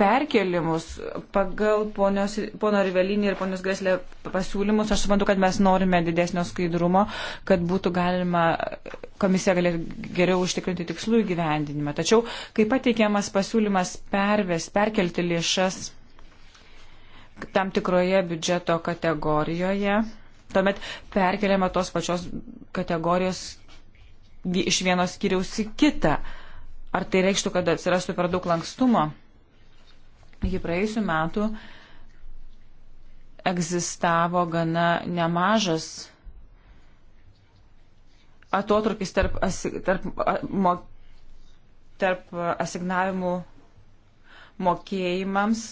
perkelimus pagal ponios, pono Rivelinį ir ponios Greslė pasiūlymus. Aš suprantu, kad mes norime didesnio skaidrumo, kad būtų galima, komisija galėtų geriau užtikrinti tikslų įgyvendinimą. Tačiau, kai pateikiamas pasiūlymas perves, perkelti lėšas tam tikroje biudžeto kategorijoje, tuomet perkeliama tos pačios kategorijos iš vienos skiriaus į kitą. Ar tai reikštų, kad atsirastų per daug lankstumo? Iki praėjusių metų egzistavo gana nemažas atotrukis tarp, tarp, tarp asignavimų mokėjimams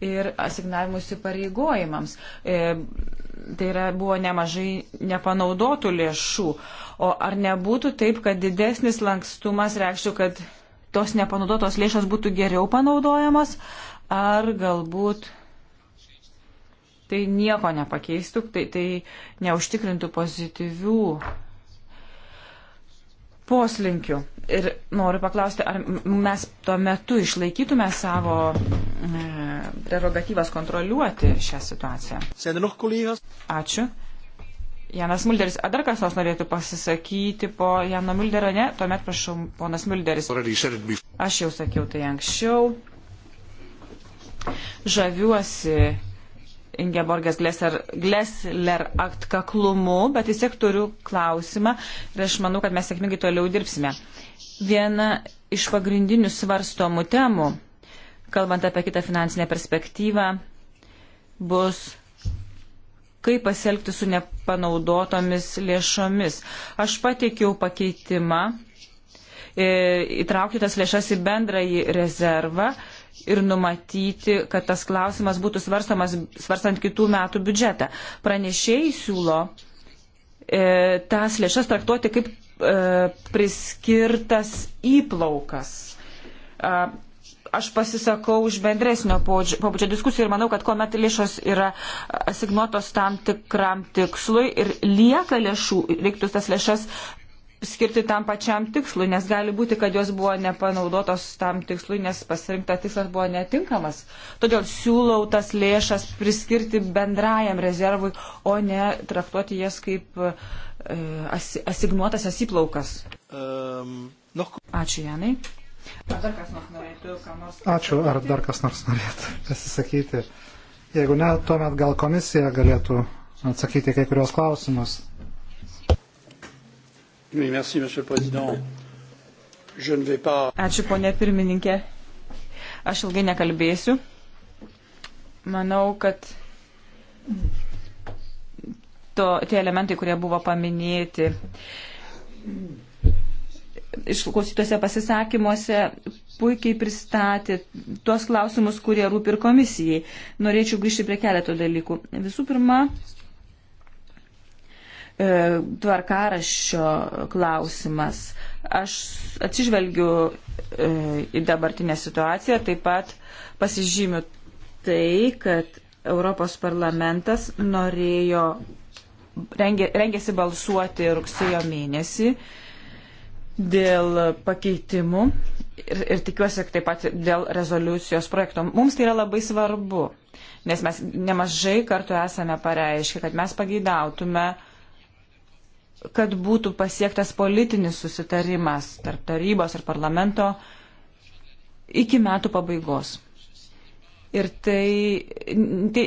ir asignavimus įpareigojimams. E, tai yra, buvo nemažai nepanaudotų lėšų. O ar nebūtų taip, kad didesnis lankstumas reikštų, kad tos nepanaudotos lėšos būtų geriau panaudojamos, ar galbūt tai nieko nepakeistų, tai, tai neužtikrintų pozityvių poslinkių. Ir noriu paklausti, ar mes tuo metu išlaikytume savo. E, prerogatyvas kontroliuoti šią situaciją. Ačiū. Janas Mulderis, ar dar kas nors norėtų pasisakyti po Jano Mulderio, ne? Tuomet prašau, ponas Mulderis. Aš jau sakiau tai anksčiau. Žaviuosi Ingeborgas Glesler, Glesler akt kaklumu, bet vis tiek turiu klausimą ir aš manau, kad mes sėkmingai toliau dirbsime. Viena iš pagrindinių svarstomų temų kalbant apie kitą finansinę perspektyvą, bus kaip pasielgti su nepanaudotomis lėšomis. Aš pateikiau pakeitimą e, įtraukti tas lėšas į bendrąjį rezervą ir numatyti, kad tas klausimas būtų svarstamas, svarstant kitų metų biudžetą. Pranešėjai siūlo e, tas lėšas traktuoti kaip e, priskirtas įplaukas. E, aš pasisakau už bendresnio pobūdžio diskusijų ir manau, kad kuomet lėšos yra asignuotos tam tikram tikslui ir lieka lėšų, reiktų tas lėšas skirti tam pačiam tikslui, nes gali būti, kad jos buvo nepanaudotos tam tikslui, nes pasirinkta tikslas buvo netinkamas. Todėl siūlau tas lėšas priskirti bendrajam rezervui, o ne traktuoti jas kaip e, asignuotas asiplaukas. Um, Ačiū, Janai. Ar dar kas nors norėtų, ką nors... Ačiū, ar dar kas nors norėtų pasisakyti. Jeigu ne, tuomet gal komisija galėtų atsakyti kai kurios klausimus. Ačiū, ponė pirmininkė. Aš ilgai nekalbėsiu. Manau, kad to, tie elementai, kurie buvo paminėti, išklausytose pasisakymuose puikiai pristatė tuos klausimus, kurie rūpi ir komisijai. Norėčiau grįžti prie keleto dalykų. Visų pirma, e, tvarkaraščio klausimas. Aš atsižvelgiu e, į dabartinę situaciją, taip pat pasižymiu tai, kad Europos parlamentas norėjo, rengė, rengėsi balsuoti rugsėjo mėnesį dėl pakeitimų ir, ir tikiuosi, kad taip pat dėl rezoliucijos projekto. Mums tai yra labai svarbu, nes mes nemažai kartų esame pareiškę, kad mes pageidautume, kad būtų pasiektas politinis susitarimas tarp tarybos ir parlamento iki metų pabaigos. Ir tai, tai,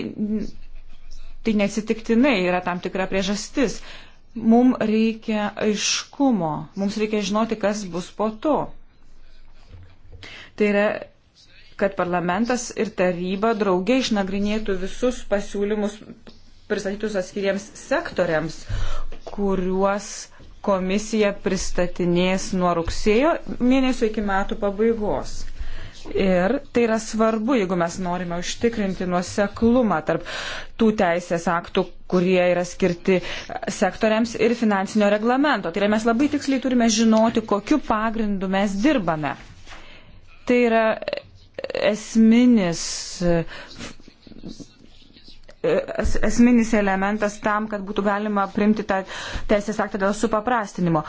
tai neatsitiktinai yra tam tikra priežastis mums reikia aiškumo, mums reikia žinoti, kas bus po to. Tai yra, kad parlamentas ir taryba draugiai išnagrinėtų visus pasiūlymus pristatytus atskiriems sektoriams, kuriuos komisija pristatinės nuo rugsėjo mėnesio iki metų pabaigos. Ir tai yra svarbu, jeigu mes norime užtikrinti nuoseklumą tarp tų teisės aktų, kurie yra skirti sektoriams ir finansinio reglamento. Tai yra mes labai tiksliai turime žinoti, kokiu pagrindu mes dirbame. Tai yra esminis es, esminis elementas tam, kad būtų galima primti tą teisės aktą dėl supaprastinimo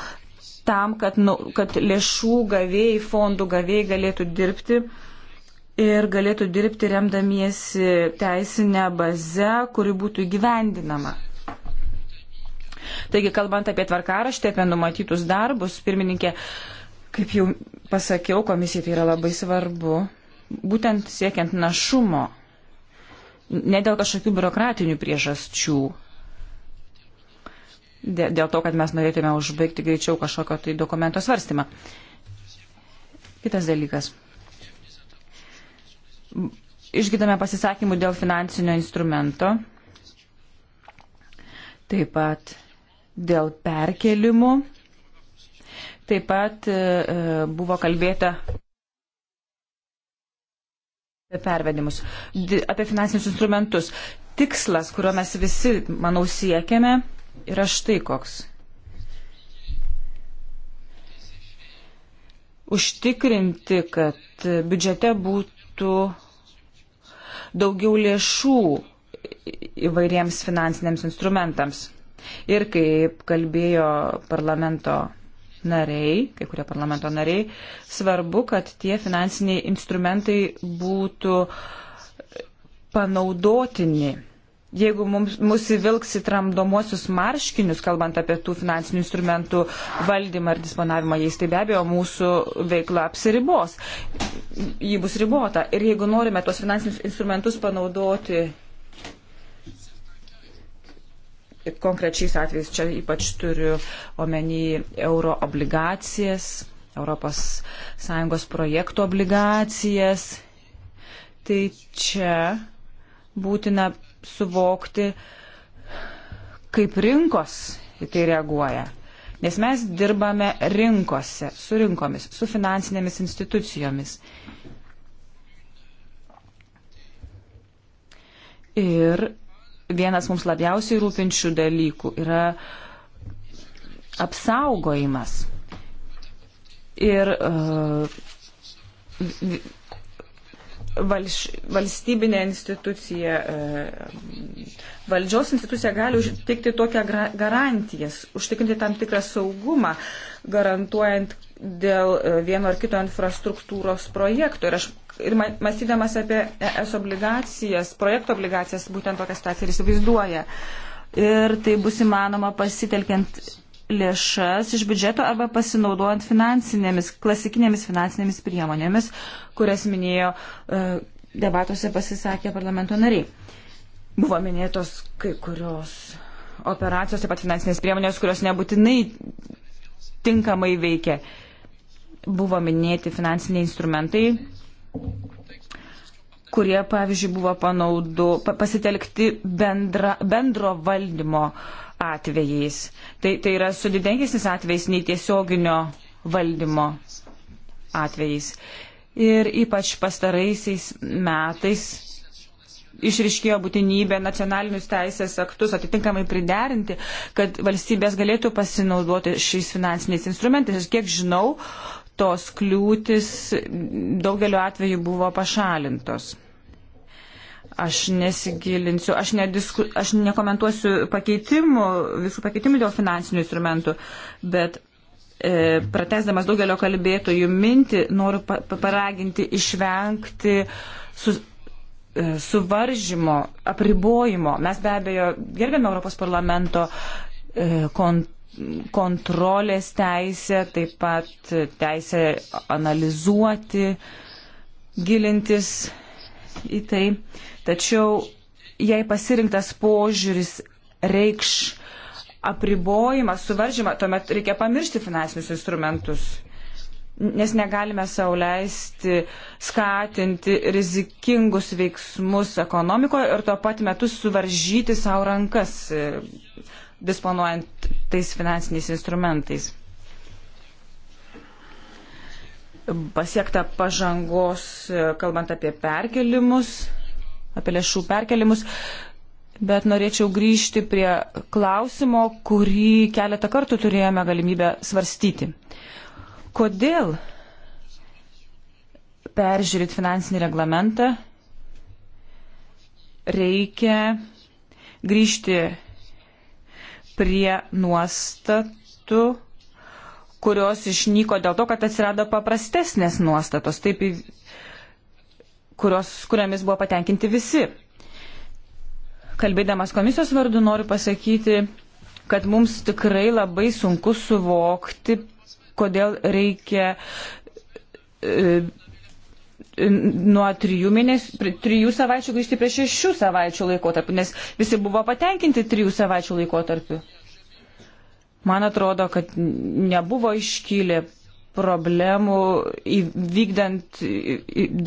tam, kad, nu, kad lėšų gavėjai, fondų gavėjai galėtų dirbti ir galėtų dirbti remdamiesi teisinę bazę, kuri būtų įgyvendinama. Taigi, kalbant apie tvarkaraštį, apie numatytus darbus, pirmininkė, kaip jau pasakiau, komisijai tai yra labai svarbu, būtent siekiant našumo, ne dėl kažkokių biurokratinių priežasčių, dėl to, kad mes norėtume užbaigti greičiau kažkokio tai dokumento svarstymą. Kitas dalykas. Išgidame pasisakymų dėl finansinio instrumento, taip pat dėl perkelimų, taip pat e, e, buvo kalbėta apie pervedimus, apie finansinius instrumentus. Tikslas, kurio mes visi, manau, siekiame, yra štai koks. Užtikrinti, kad biudžete būtų daugiau lėšų įvairiems finansiniams instrumentams. Ir kaip kalbėjo parlamento nariai, kai kurie parlamento nariai, svarbu, kad tie finansiniai instrumentai būtų panaudotini jeigu mums, mus įvilks į tramdomuosius marškinius, kalbant apie tų finansinių instrumentų valdymą ir disponavimą jais, tai be abejo mūsų veikla apsiribos, ji bus ribota. Ir jeigu norime tuos finansinius instrumentus panaudoti konkrečiais atvejais, čia ypač turiu omeny euro obligacijas, ES projektų obligacijas, tai čia būtina suvokti, kaip rinkos į tai reaguoja. Nes mes dirbame rinkose, su rinkomis, su finansinėmis institucijomis. Ir vienas mums labiausiai rūpinčių dalykų yra apsaugojimas. Ir uh, valš, valstybinė institucija, e, valdžios institucija gali užtikti tokią garantijas, užtikrinti tam tikrą saugumą, garantuojant dėl e, vieno ar kito infrastruktūros projekto. Ir aš ir mąstydamas apie ES obligacijas, projekto obligacijas, būtent tokią situaciją ir įsivaizduoja. Ir tai bus įmanoma pasitelkiant lėšas iš biudžeto arba pasinaudojant finansinėmis, klasikinėmis finansinėmis priemonėmis, kurias minėjo e, debatuose pasisakė parlamento nariai. Buvo minėtos kai kurios operacijos, taip pat finansinės priemonės, kurios nebūtinai tinkamai veikia. Buvo minėti finansiniai instrumentai, kurie, pavyzdžiui, buvo panaudo, pasitelkti bendra, bendro valdymo uh, atvejais. Tai, tai yra sudidingesnis atvejais nei tiesioginio valdymo atvejais. Ir ypač pastaraisiais metais išriškėjo būtinybė nacionalinius teisės aktus atitinkamai priderinti, kad valstybės galėtų pasinaudoti šiais finansiniais instrumentais. Ir kiek žinau, tos kliūtis daugeliu atveju buvo pašalintos. Aš nesigilinsiu, aš, nedisku, aš nekomentuosiu pakeitimų, visų pakeitimų dėl finansinių instrumentų, bet e, pratesdamas daugelio kalbėtojų mintį, noriu pa paraginti išvengti su, e, suvaržymo, apribojimo. Mes be abejo gerbėme Europos parlamento e, kontaktą kontrolės teisė, taip pat teisė analizuoti, gilintis į tai. Tačiau jei pasirinktas požiūris reikš apribojimą, suvaržymą, tuomet reikia pamiršti finansinius instrumentus, nes negalime sauliaisti skatinti rizikingus veiksmus ekonomikoje ir tuo pat metu suvaržyti savo rankas, e, disponuojant tais finansiniais instrumentais. Pasiekta pažangos, e, kalbant apie perkelimus apie lėšų perkelimus, bet norėčiau grįžti prie klausimo, kurį keletą kartų turėjome galimybę svarstyti. Kodėl peržiūrėti finansinį reglamentą reikia grįžti prie nuostatų, kurios išnyko dėl to, kad atsirado paprastesnės nuostatos. Taip kurios, kuriamis buvo patenkinti visi. Kalbėdamas komisijos vardu noriu pasakyti, kad mums tikrai labai sunku suvokti, kodėl reikia e, e nuo trijų, mėnesių, trijų savaičių grįžti prie šešių savaičių laikotarpių, nes visi buvo patenkinti trijų savaičių laikotarpiu. Man atrodo, kad nebuvo iškylė problemų vykdant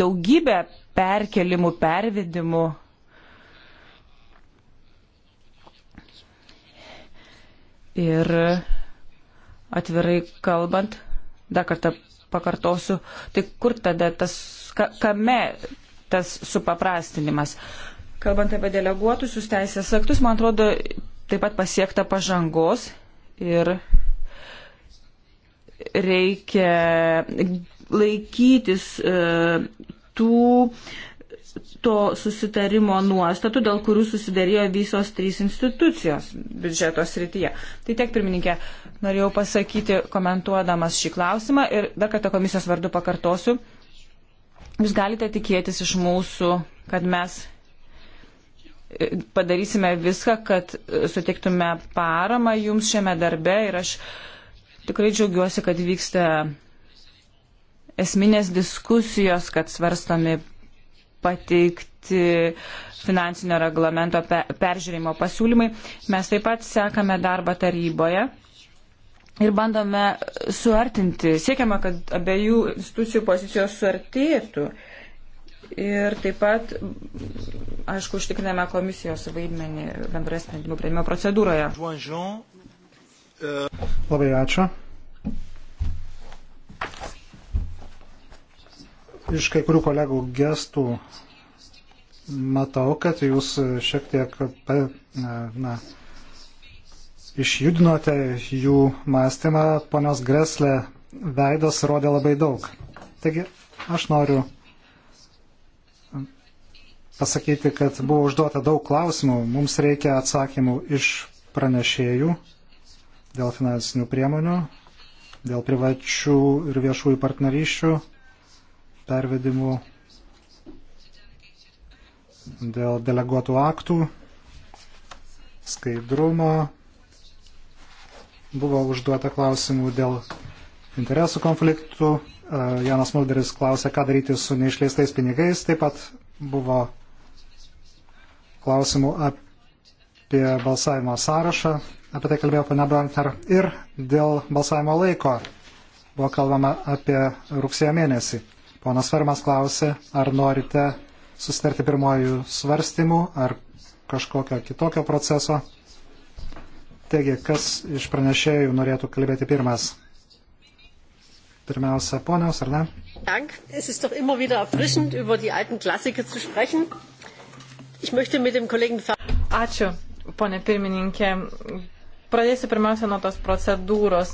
daugybę perkelimų, pervedimų. Ir atvirai kalbant, dar kartą pakartosiu, tai kur tada tas, kame tas supaprastinimas? Kalbant apie deleguotusius teisės aktus, man atrodo, taip pat pasiekta pažangos ir reikia laikytis e, tų to susitarimo nuostatų, dėl kurių susidarėjo visos trys institucijos biudžeto srityje. Tai tiek, pirmininkė, norėjau pasakyti, komentuodamas šį klausimą ir dar kartą komisijos vardu pakartosiu, jūs galite tikėtis iš mūsų, kad mes e, padarysime viską, kad e, sutiktume paramą jums šiame darbe ir aš uh, Tikrai džiaugiuosi, kad vyksta esminės diskusijos, kad svarstomi pateikti finansinio reglamento peržiūrimo pasiūlymai. Mes taip pat sekame darbą taryboje ir bandome suartinti, siekiame, kad abiejų institucijų pozicijos suartėtų. Ir taip pat, aišku, užtikriname komisijos vaidmenį bendroje sprendimų prieimimo procedūroje. Juan Jean, Labai ačiū. Iš kai kurių kolegų gestų matau, kad jūs šiek tiek na, išjudinote jų mąstymą. Ponios Greslė veidas rodė labai daug. Taigi aš noriu pasakyti, kad buvo užduota daug klausimų, mums reikia atsakymų iš pranešėjų dėl finansinių priemonių, dėl privačių ir viešųjų partnerysčių, pervedimų, dėl deleguotų aktų, skaidrumo. Buvo užduota klausimų dėl interesų konfliktų. E, Janas Mulderis klausė, ką daryti su neišleistais pinigais. Taip pat buvo klausimų apie balsavimo sąrašą apie tai kalbėjo pana Brantner, ir dėl balsavimo laiko buvo kalbama apie rugsėjo mėnesį. Ponas Fermas klausė, ar norite susitarti pirmojų svarstymų ar kažkokio kitokio proceso. Taigi, kas iš pranešėjų norėtų kalbėti pirmas? Pirmiausia, ponios, ar ne? Dank. Es ist doch immer wieder erfrischend, über die alten Klassiker zu sprechen. Ich möchte mit dem Kollegen Ačiū, ponė pirmininkė. Pradėsiu pirmiausia nuo tos procedūros.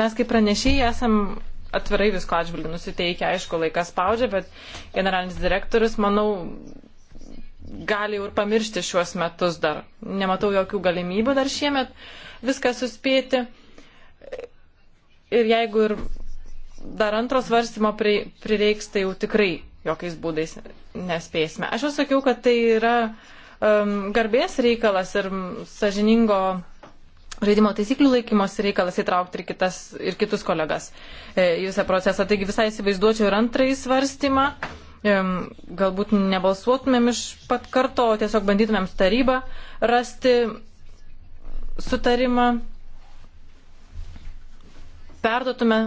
Mes kaip pranešėjai esam atvirai visko atžvilgiu nusiteikę, aišku, laikas spaudžia, bet generalinis direktorius, manau, gali jau ir pamiršti šiuos metus dar. Nematau jokių galimybių dar šiemet viską suspėti. Ir jeigu ir dar antros varstymo prireiks, tai jau tikrai jokiais būdais nespėsime. Aš jau sakiau, kad tai yra um, garbės reikalas ir sažiningo žaidimo taisyklių laikymosi reikalas įtraukti ir, kitas, ir kitus kolegas į e, visą procesą. Taigi visai įsivaizduočiau ir antrąjį svarstymą. Galbūt nebalsuotumėm iš pat karto, o tiesiog bandytumėm su taryba rasti sutarimą. Perduotume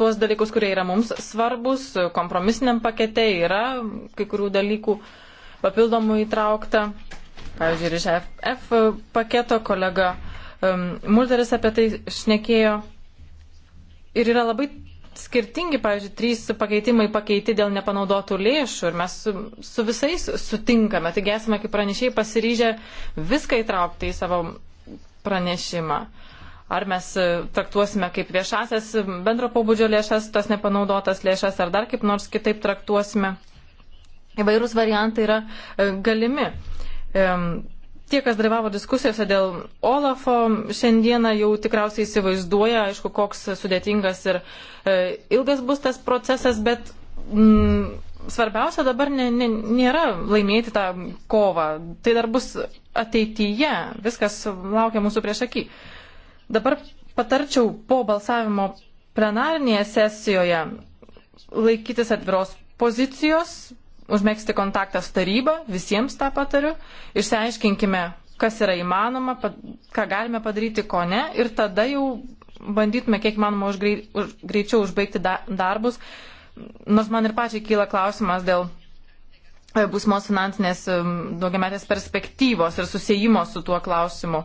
tuos dalykus, kurie yra mums svarbus. Kompromisiniam pakete yra kai kurių dalykų papildomų įtraukta. Pavyzdžiui, ir iš FF paketo kolega um, Mulderis apie tai šnekėjo. Ir yra labai skirtingi, pavyzdžiui, trys pakeitimai pakeiti dėl nepanaudotų lėšų ir mes su, su visais sutinkame. Taigi esame kaip pranešiai pasiryžę viską įtraukti į savo pranešimą. Ar mes e, traktuosime kaip viešasias bendro pobūdžio lėšas, tas nepanaudotas lėšas, ar dar kaip nors kitaip traktuosime. Įvairūs variantai yra e, galimi. Tie, kas dalyvavo diskusijose dėl Olafo, šiandieną jau tikriausiai įsivaizduoja, aišku, koks sudėtingas ir e, ilgas bus tas procesas, bet m, mm, svarbiausia dabar ne, ne, nėra laimėti tą kovą. Tai dar bus ateityje, viskas laukia mūsų prieš akį. Dabar patarčiau po balsavimo plenarinėje sesijoje laikytis atviros pozicijos, užmėgsti kontaktą su taryba, visiems tą patariu, išsiaiškinkime, kas yra įmanoma, ką galime padaryti, ko ne, ir tada jau bandytume kiek įmanoma už grei, už, greičiau užbaigti da, darbus. Nors man ir pačiai kyla klausimas dėl e, būsimos finansinės daugiametės perspektyvos ir susijimo su tuo klausimu,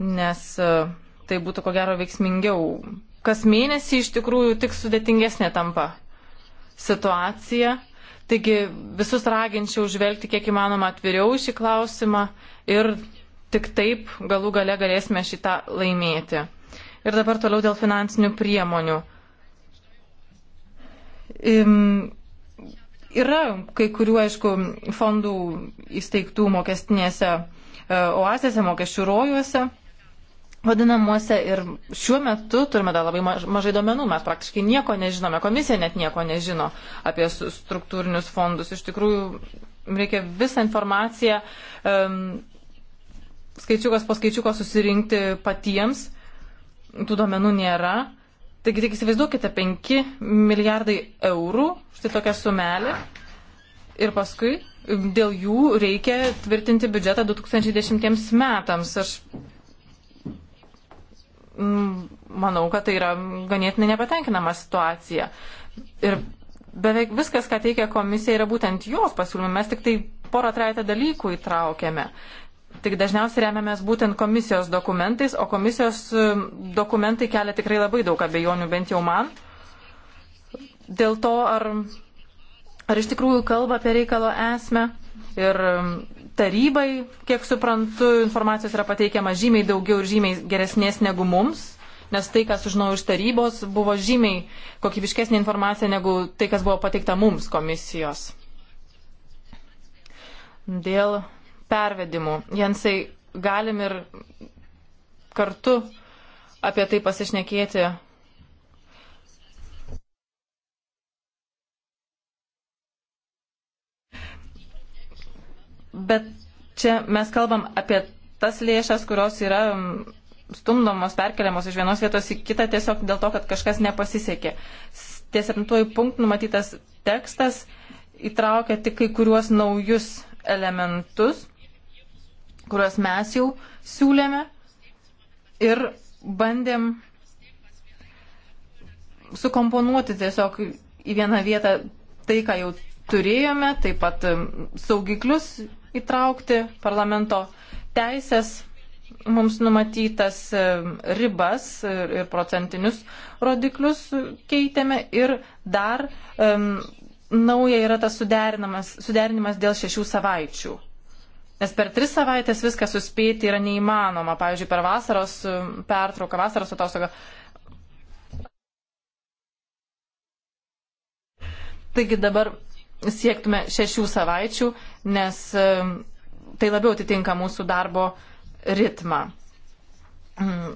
nes e, tai būtų ko gero veiksmingiau. Kas mėnesį iš tikrųjų tik sudėtingesnė tampa situacija Taigi visus raginčiau žvelgti kiek įmanoma atviriau šį klausimą ir tik taip galų gale galėsime šitą laimėti. Ir dabar toliau dėl finansinių priemonių. Im, yra kai kurių, aišku, fondų įsteigtų mokestinėse e, oazėse, mokesčių rojuose vadinamuose ir šiuo metu turime dar labai mažai duomenų, mes praktiškai nieko nežinome, komisija net nieko nežino apie struktūrinius fondus. Iš tikrųjų reikia visą informaciją um, skaičiukas po skaičiuko susirinkti patiems, tų duomenų nėra. Taigi tik įsivaizduokite 5 milijardai eurų, štai tokia sumelė, ir paskui dėl jų reikia tvirtinti biudžetą 2010 metams. Aš Mm, manau, kad tai yra ganėtinai nepatenkinama situacija. Ir beveik viskas, ką teikia komisija, yra būtent jos pasiūlymai. Mes tik tai porą trejata dalykų įtraukėme. Tik dažniausiai remiamės būtent komisijos dokumentais, o komisijos mm, dokumentai kelia tikrai labai daug abejonių, bent jau man. Dėl to, ar, ar iš tikrųjų kalba apie reikalo esmę ir mm, tarybai, kiek suprantu, informacijos yra pateikiama žymiai daugiau ir žymiai geresnės negu mums, nes tai, kas sužinojau iš tarybos, buvo žymiai kokybiškesnė informacija negu tai, kas buvo pateikta mums komisijos. Dėl pervedimų. Jensai, galim ir kartu apie tai pasišnekėti bet čia mes kalbam apie tas lėšas, kurios yra mm, stumdomos, perkeliamos iš vienos vietos į kitą tiesiog dėl to, kad kažkas nepasisekė. Ties septintuoju punktu numatytas tekstas įtraukia tik kai kuriuos naujus elementus, kuriuos mes jau siūlėme ir bandėm sukomponuoti tiesiog į vieną vietą tai, ką jau turėjome, taip pat mm, saugiklius įtraukti parlamento teisės mums numatytas e, ribas ir procentinius rodiklius keitėme ir dar um, nauja yra tas suderinimas, suderinimas dėl šešių savaičių. Nes per tris savaitės viską suspėti yra neįmanoma. Pavyzdžiui, per vasaros e, pertrauką, vasaros atostogą. Taigi dabar siektume šešių savaičių, nes tai labiau atitinka mūsų darbo ritmą. Mm.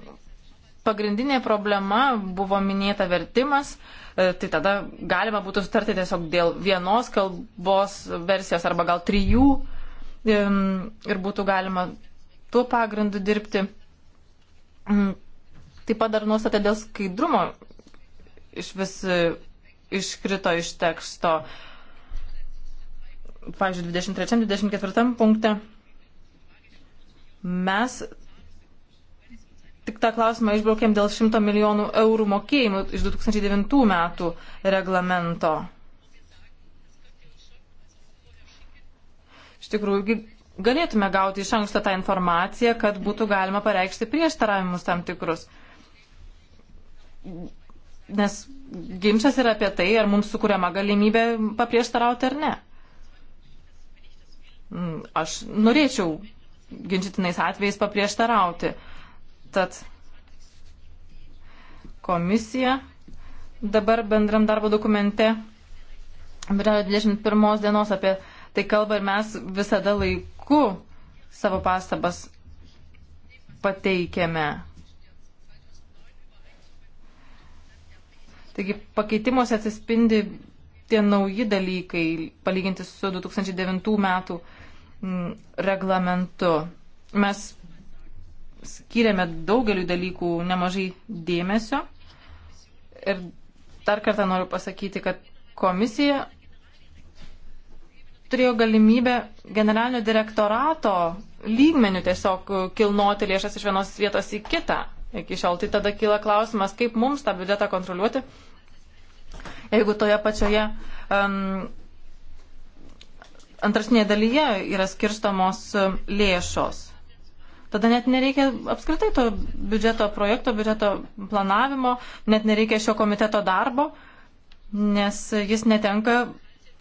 Pagrindinė problema buvo minėta vertimas, e, tai tada galima būtų sutarti tiesiog dėl vienos kalbos versijos arba gal trijų ir būtų galima tuo pagrindu dirbti. Mm. Taip pat dar nuostata dėl skaidrumo iš vis e, iškrito iš teksto. Uh, pavyzdžiui, 23-24 punkte mes tik tą klausimą išbraukėm dėl 100 milijonų eurų mokėjimų iš 2009 metų reglamento. Iš tikrųjų, galėtume gauti iš anksto tą informaciją, kad būtų galima pareikšti prieštaravimus tam tikrus. Nes ginčas yra apie tai, ar mums sukūriama galimybė paprieštarauti ar ne. Mm, aš norėčiau ginčytinais atvejais paprieštarauti. Tad komisija dabar bendram darbo dokumente 21 dienos apie tai kalba ir mes visada laiku savo pastabas pateikėme. Taigi pakeitimuose atsispindi tie nauji dalykai, palyginti su 2009 metų mm, reglamentu. Mes skiriame daugeliu dalykų nemažai dėmesio ir dar kartą noriu pasakyti, kad komisija turėjo galimybę generalinio direktorato lygmenių tiesiog kilnoti lėšas iš vienos vietos į kitą. Iki šiol tai tada kyla klausimas, kaip mums tą biudžetą kontroliuoti jeigu toje pačioje um, antrašinėje dalyje yra skirstamos lėšos. Tada net nereikia apskritai to biudžeto projekto, biudžeto planavimo, net nereikia šio komiteto darbo, nes jis netenka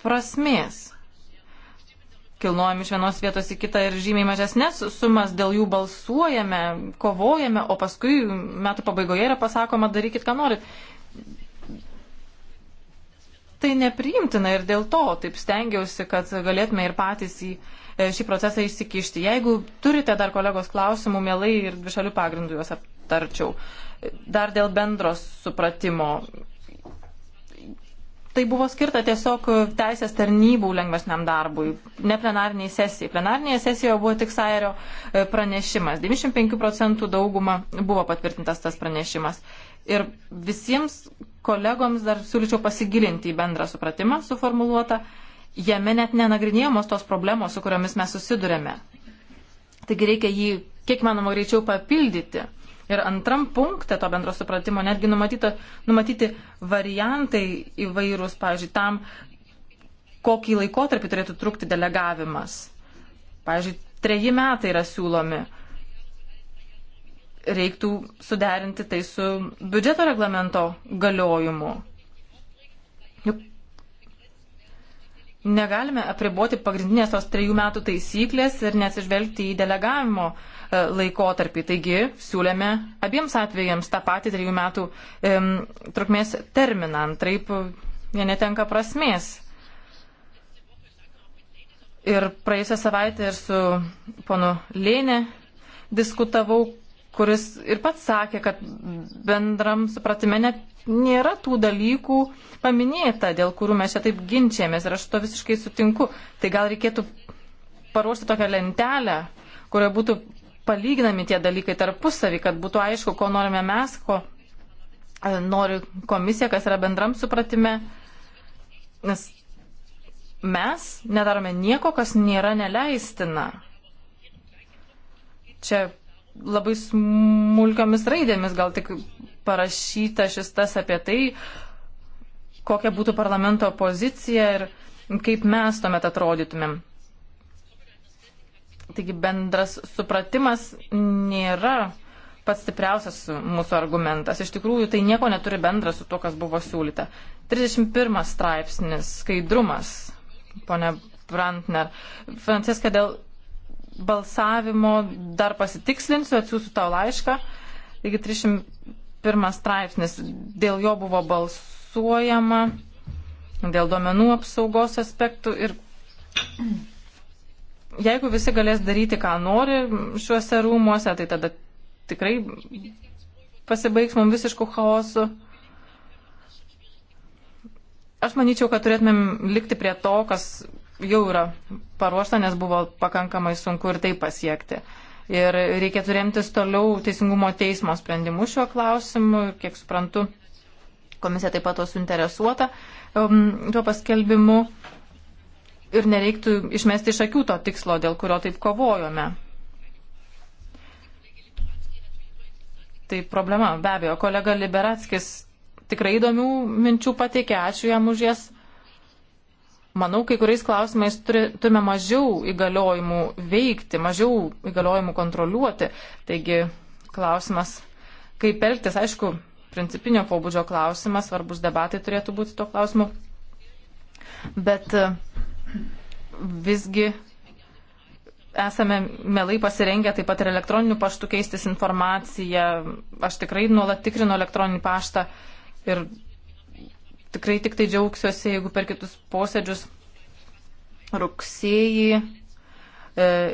prasmės. Kilnojam iš vienos vietos į kitą ir žymiai mažesnės sumas, dėl jų balsuojame, kovojame, o paskui metų pabaigoje yra pasakoma, darykit, ką norit tai nepriimtina ir dėl to taip stengiausi, kad galėtume ir patys į e, šį procesą įsikišti. Jeigu turite dar kolegos klausimų, mielai ir dvišalių pagrindų juos aptarčiau. Dar dėl bendros supratimo. Tai buvo skirta tiesiog teisės tarnybų lengvesniam darbui, ne plenariniai sesijai. Plenarinėje sesijoje buvo tik Sairio e, pranešimas. 95 procentų dauguma buvo patvirtintas tas pranešimas. Ir visiems kolegoms dar siūlyčiau pasigilinti į bendrą supratimą suformuluotą. Jame net nenagrinėjamos tos problemos, su kuriomis mes susidurėme. Taigi reikia jį kiek manoma greičiau papildyti. Ir antram punkte to bendro supratimo netgi numatyta, numatyti variantai įvairūs, pavyzdžiui, tam, kokį laikotarpį turėtų trukti delegavimas. Pavyzdžiui, treji metai yra siūlomi reiktų suderinti tai su biudžeto reglamento galiojimu. Juk negalime apriboti pagrindinės tos trejų metų taisyklės ir nesižvelgti į delegavimo e, laikotarpį. Taigi siūlėme abiems atvejams tą patį trejų metų um, e, trukmės terminą, antraip e, jie netenka prasmės. Ir praėjusią savaitę ir su ponu Lėne diskutavau, kuris ir pats sakė, kad bendram supratime net nėra tų dalykų paminėta, dėl kurių mes čia taip ginčiamės ir aš to visiškai sutinku. Tai gal reikėtų paruošti tokią lentelę, kurioje būtų palyginami tie dalykai tarpusavį, kad būtų aišku, ko norime mes, ko e, nori komisija, kas yra bendram supratime. Nes mes nedarome nieko, kas nėra neleistina. Čia labai smulkiomis raidėmis gal tik parašyta šis tas apie tai, kokia būtų parlamento pozicija ir kaip mes tuomet atrodytumėm. Taigi bendras supratimas nėra pats stipriausias mūsų argumentas. Iš tikrųjų, tai nieko neturi bendra su to, kas buvo siūlyta. 31 straipsnis - skaidrumas, ponia Brantner. Franceska, dėl balsavimo dar pasitikslinsiu, atsiųsiu tau laišką. Taigi 301 straipsnis, dėl jo buvo balsuojama, dėl duomenų apsaugos aspektų ir jeigu visi galės daryti, ką nori šiuose rūmuose, tai tada tikrai pasibaigs mums visiškų chaosų. Aš manyčiau, kad turėtumėm likti prie to, kas jau yra paruošta, nes buvo pakankamai sunku ir tai pasiekti. Ir reikėtų remtis toliau Teisingumo teismo sprendimu šiuo klausimu, kiek suprantu, komisija taip pat to suinteresuota um, tuo paskelbimu ir nereiktų išmesti iš akių to tikslo, dėl kurio taip kovojome. Tai problema, be abejo, kolega Liberatskis tikrai įdomių minčių pateikė, ačiū jam už jas manau, kai kuriais klausimais turi, turime mažiau įgaliojimų veikti, mažiau įgaliojimų kontroliuoti. Taigi klausimas, kaip elgtis, aišku, principinio pobūdžio klausimas, svarbus debatai turėtų būti tuo klausimu. Bet e, visgi esame mielai pasirengę taip pat ir elektroniniu paštu keistis informaciją. Aš tikrai nuolat tikrinu elektroninį paštą ir tikrai tik tai džiaugsiuosi, jeigu per kitus posėdžius rugsėjį e,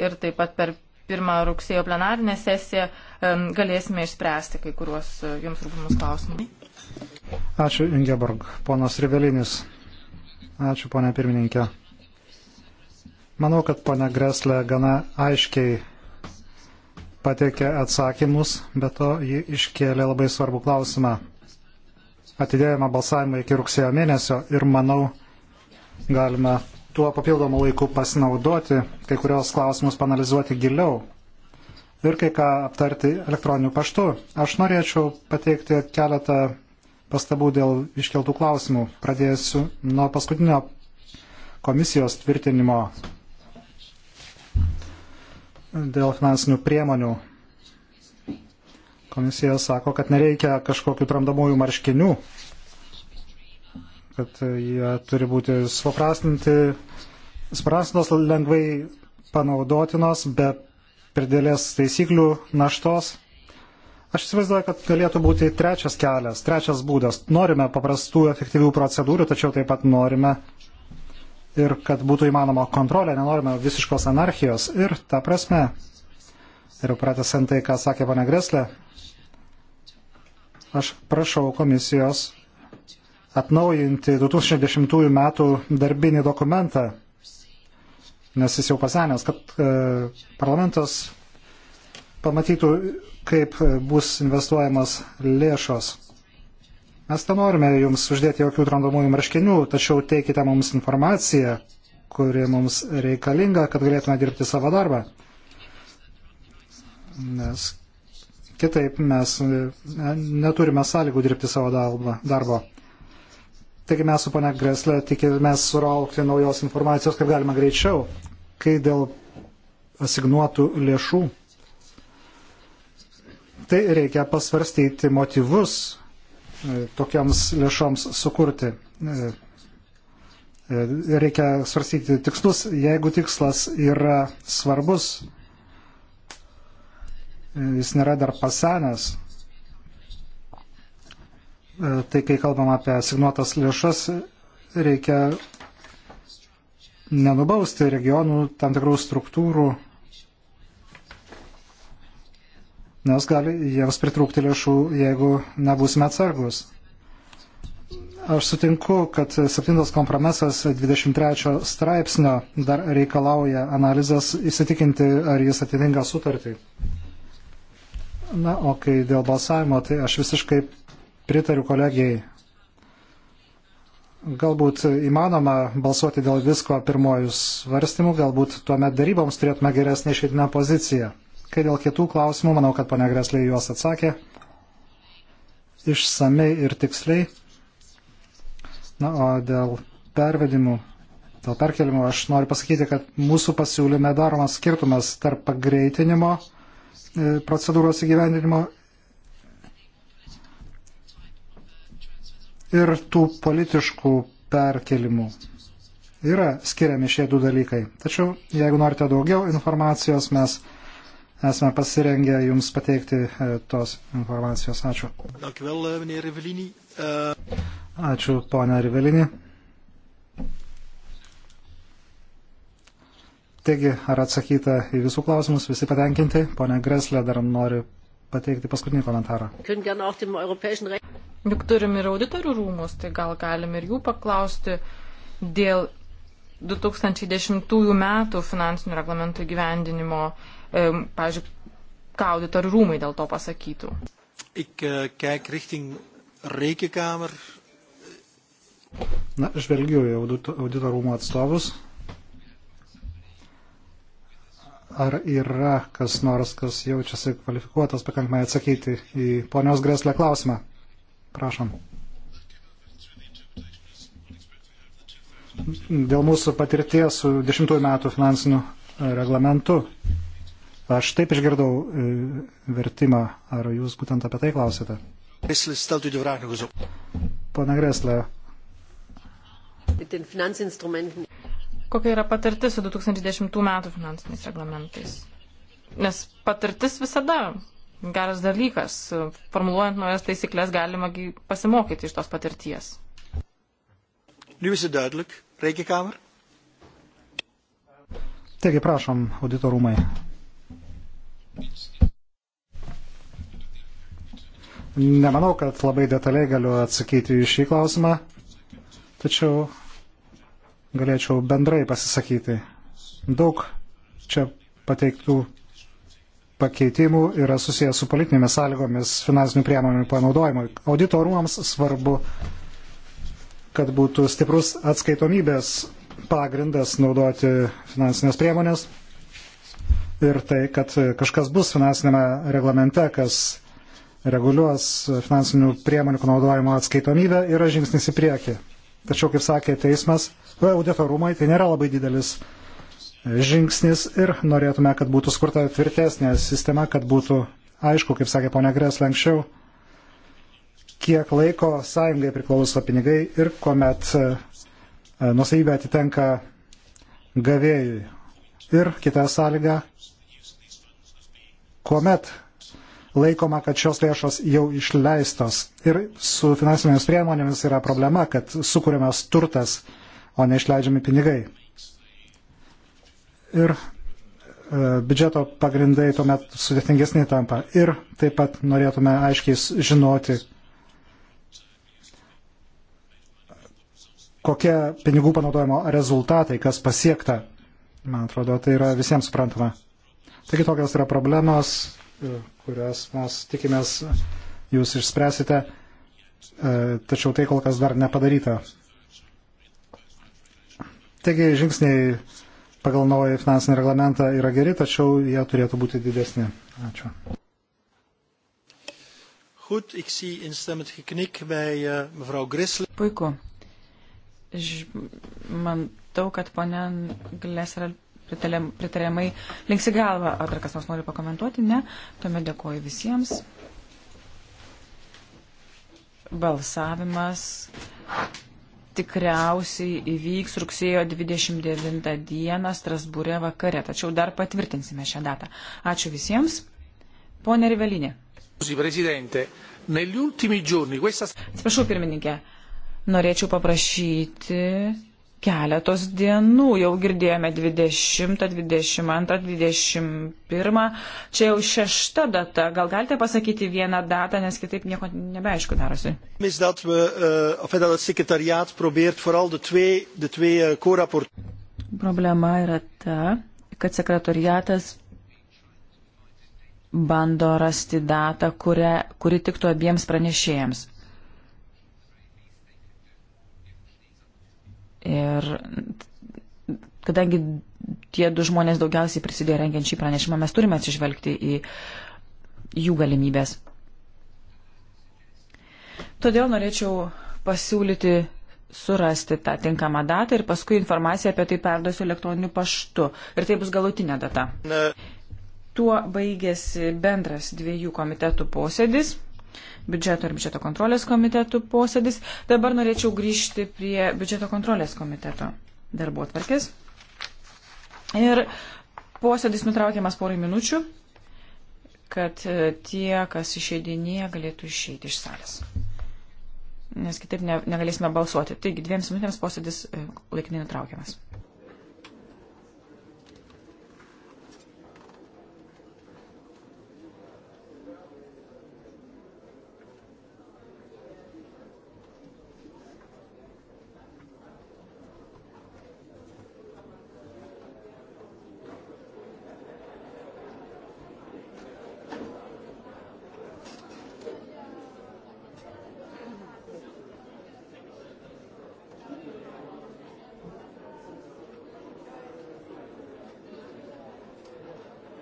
ir taip pat per pirmą rugsėjo plenarinę sesiją e, galėsime išspręsti kai kuriuos e, jums rūpimus klausimus. Ačiū Ingeborg. Ponas Rivelinis. Ačiū, ponė pirmininkė. Manau, kad ponė Greslė gana aiškiai pateikė atsakymus, bet to ji iškėlė labai svarbų klausimą atidėjimą balsavimą iki rugsėjo mėnesio ir manau galime tuo papildomu laiku pasinaudoti, kai kurios klausimus panalizuoti giliau ir kai ką aptarti elektroniniu paštu. Aš norėčiau pateikti keletą pastabų dėl iškeltų klausimų. Pradėsiu nuo paskutinio komisijos tvirtinimo dėl finansinių priemonių Komisija sako, kad nereikia kažkokių tramdamųjų marškinių, kad jie turi būti supaprastinti, supaprastinos lengvai panaudotinos, be pridėlės taisyklių naštos. Aš įsivaizduoju, kad galėtų būti trečias kelias, trečias būdas. Norime paprastų, efektyvių procedūrų, tačiau taip pat norime ir kad būtų įmanoma kontrolė, nenorime visiškos anarchijos. Ir ta prasme, ir pratesant tai, ką sakė pana Greslė, aš prašau komisijos atnaujinti 2010 metų darbinį dokumentą, nes jis jau pasenęs, kad e, parlamentas pamatytų, kaip bus investuojamas lėšos. Mes nenorime jums uždėti jokių trandomųjų marškinių, tačiau teikite mums informaciją, kuri mums reikalinga, kad galėtume dirbti savo darbą nes kitaip mes e, neturime sąlygų dirbti savo darbo. Taigi mes su ponia Greslė tikimės suraukti naujos informacijos kaip galima greičiau, kai dėl asignuotų lėšų. Tai reikia pasvarstyti motyvus e, tokiams lėšoms sukurti. E, reikia svarstyti tikslus, jeigu tikslas yra svarbus jis nėra dar pasenęs. E, tai kai kalbam apie signuotas lėšas, reikia nenubausti regionų tam tikrų struktūrų, nes gali jiems pritrūkti lėšų, jeigu nebūsime atsargus. Aš sutinku, kad septintas kompromisas 23 straipsnio dar reikalauja analizės įsitikinti, ar jis atitinka sutartį. Na, o kai dėl balsavimo, tai aš visiškai pritariu kolegijai. Galbūt įmanoma balsuoti dėl visko pirmojų svarstymų, galbūt tuomet daryboms turėtume geresnį išeitinę poziciją. Kai dėl kitų klausimų, manau, kad ponia Greslė juos atsakė išsamei ir tiksliai. Na, o dėl pervedimų, dėl perkelimų aš noriu pasakyti, kad mūsų pasiūlyme daromas skirtumas tarp pagreitinimo E, procedūros įgyvendinimo ir tų politiškų perkelimų. Yra skiriami šie du dalykai. Tačiau, jeigu norite daugiau informacijos, mes esame pasirengę Jums pateikti e, tos informacijos. Ačiū. Eh, eh, Ačiū, ponia Rivelini. Taigi, ar atsakyta į visų klausimus, visi patenkinti? Pone Greslė, dar noriu pateikti paskutinį komentarą. Juk turim ir auditorių rūmus, tai gal galim ir jų paklausti dėl 2010 metų finansinių reglamentų gyvendinimo, e, pažiūrėjau, ką auditorių rūmai dėl to pasakytų. Ik uh, kijk richting Reikikamer. Na, žvelgiu į audito, audito rūmų atstovus ar yra kas nors, kas jaučiasi kvalifikuotas pakankamai atsakyti į ponios Greslę klausimą. Prašom. Dėl mūsų patirties su dešimtųjų metų finansiniu e, reglamentu. Aš taip išgirdau e, vertimą. Ar jūs būtent apie tai klausėte? Pana Greslė kokia yra patirtis su 2010 metų finansiniais reglamentais. Nes patirtis visada geras dalykas. Formuluojant naujas taisyklės galima pasimokyti iš tos patirties. Nu is het duidelijk. Rekenkamer. Taigi, prašom, auditorumai. Nemanau, kad labai detaliai galiu atsakyti į šį klausimą, tačiau galėčiau bendrai pasisakyti. Daug čia pateiktų pakeitimų yra susijęs su politinėmis sąlygomis finansinių priemonių panaudojimui. Audito rūmams svarbu, kad būtų stiprus atskaitomybės pagrindas naudoti finansinės priemonės ir tai, kad kažkas bus finansinėme reglamente, kas reguliuos finansinių priemonių panaudojimo atskaitomybę, yra žingsnis į priekį. Tačiau, kaip sakė teismas, audito rūmai, tai nėra labai didelis žingsnis ir norėtume, kad būtų skurta tvirtesnė sistema, kad būtų aišku, kaip sakė ponia Gres anksčiau, kiek laiko sąjungai priklauso pinigai ir kuomet e, nusavybė atitenka gavėjui. Ir kita sąlyga, kuomet laikoma, kad šios lėšos jau išleistos. Ir su finansinėmis priemonėmis yra problema, kad sukūriamas turtas o neišleidžiami pinigai. Ir e, biudžeto pagrindai tuomet sudėtingesnį tampa. Ir taip pat norėtume aiškiai žinoti, kokie pinigų panaudojimo rezultatai, kas pasiekta. Man atrodo, tai yra visiems suprantama. Taigi tokios yra problemos, e, kurias mes tikimės jūs išspręsite, e, tačiau tai kol kas dar nepadaryta. Taigi žingsniai pagal naują finansinį reglamentą yra geri, tačiau jie turėtų būti didesni. Ačiū. Goed, ik zie instemmend geknik bij uh, mevrouw Grissel. Puiku. Ž Manau, kad ponia Glesra pritariamai linksi galvą. Ar dar kas nors nori pakomentuoti? Ne. Tuomet dėkoju visiems. Balsavimas tikriausiai įvyks rugsėjo 29 dieną Strasbūrė vakare, tačiau dar patvirtinsime šią datą. Ačiū visiems. Pone Rivelinė. Atsiprašau, pirmininkė. Norėčiau paprašyti keletos dienų. Jau girdėjome 20, 22, 21. Čia jau šešta data. Gal galite pasakyti vieną datą, nes kitaip nieko nebeaišku darosi. Mis dat we, uh, of dat het secretariaat probeert vooral de twee, de twee uh, eh, co-rapport. Problema yra ta, kad sekretariatas bando rasti datą, kurią, kuri tiktų abiems pranešėjams. Ir kadangi tie du žmonės daugiausiai prisidėjo rengiant šį pranešimą, mes turime atsižvelgti į jų galimybės. Todėl norėčiau pasiūlyti surasti tą tinkamą datą ir paskui informaciją apie tai perduosiu elektroniniu paštu. Ir tai bus galutinė data. Ne. Tuo baigėsi bendras dviejų komitetų posėdis biudžeto ir biudžeto kontrolės komitetų posėdis. Dabar norėčiau grįžti prie biudžeto kontrolės komiteto darbo atvarkės. Ir posėdis nutraukiamas porai minučių, kad e, tie, kas išeidinėje, galėtų išeiti iš salės. Nes kitaip ne, negalėsime balsuoti. Taigi dviems minutėms posėdis e, laikinai nutraukiamas.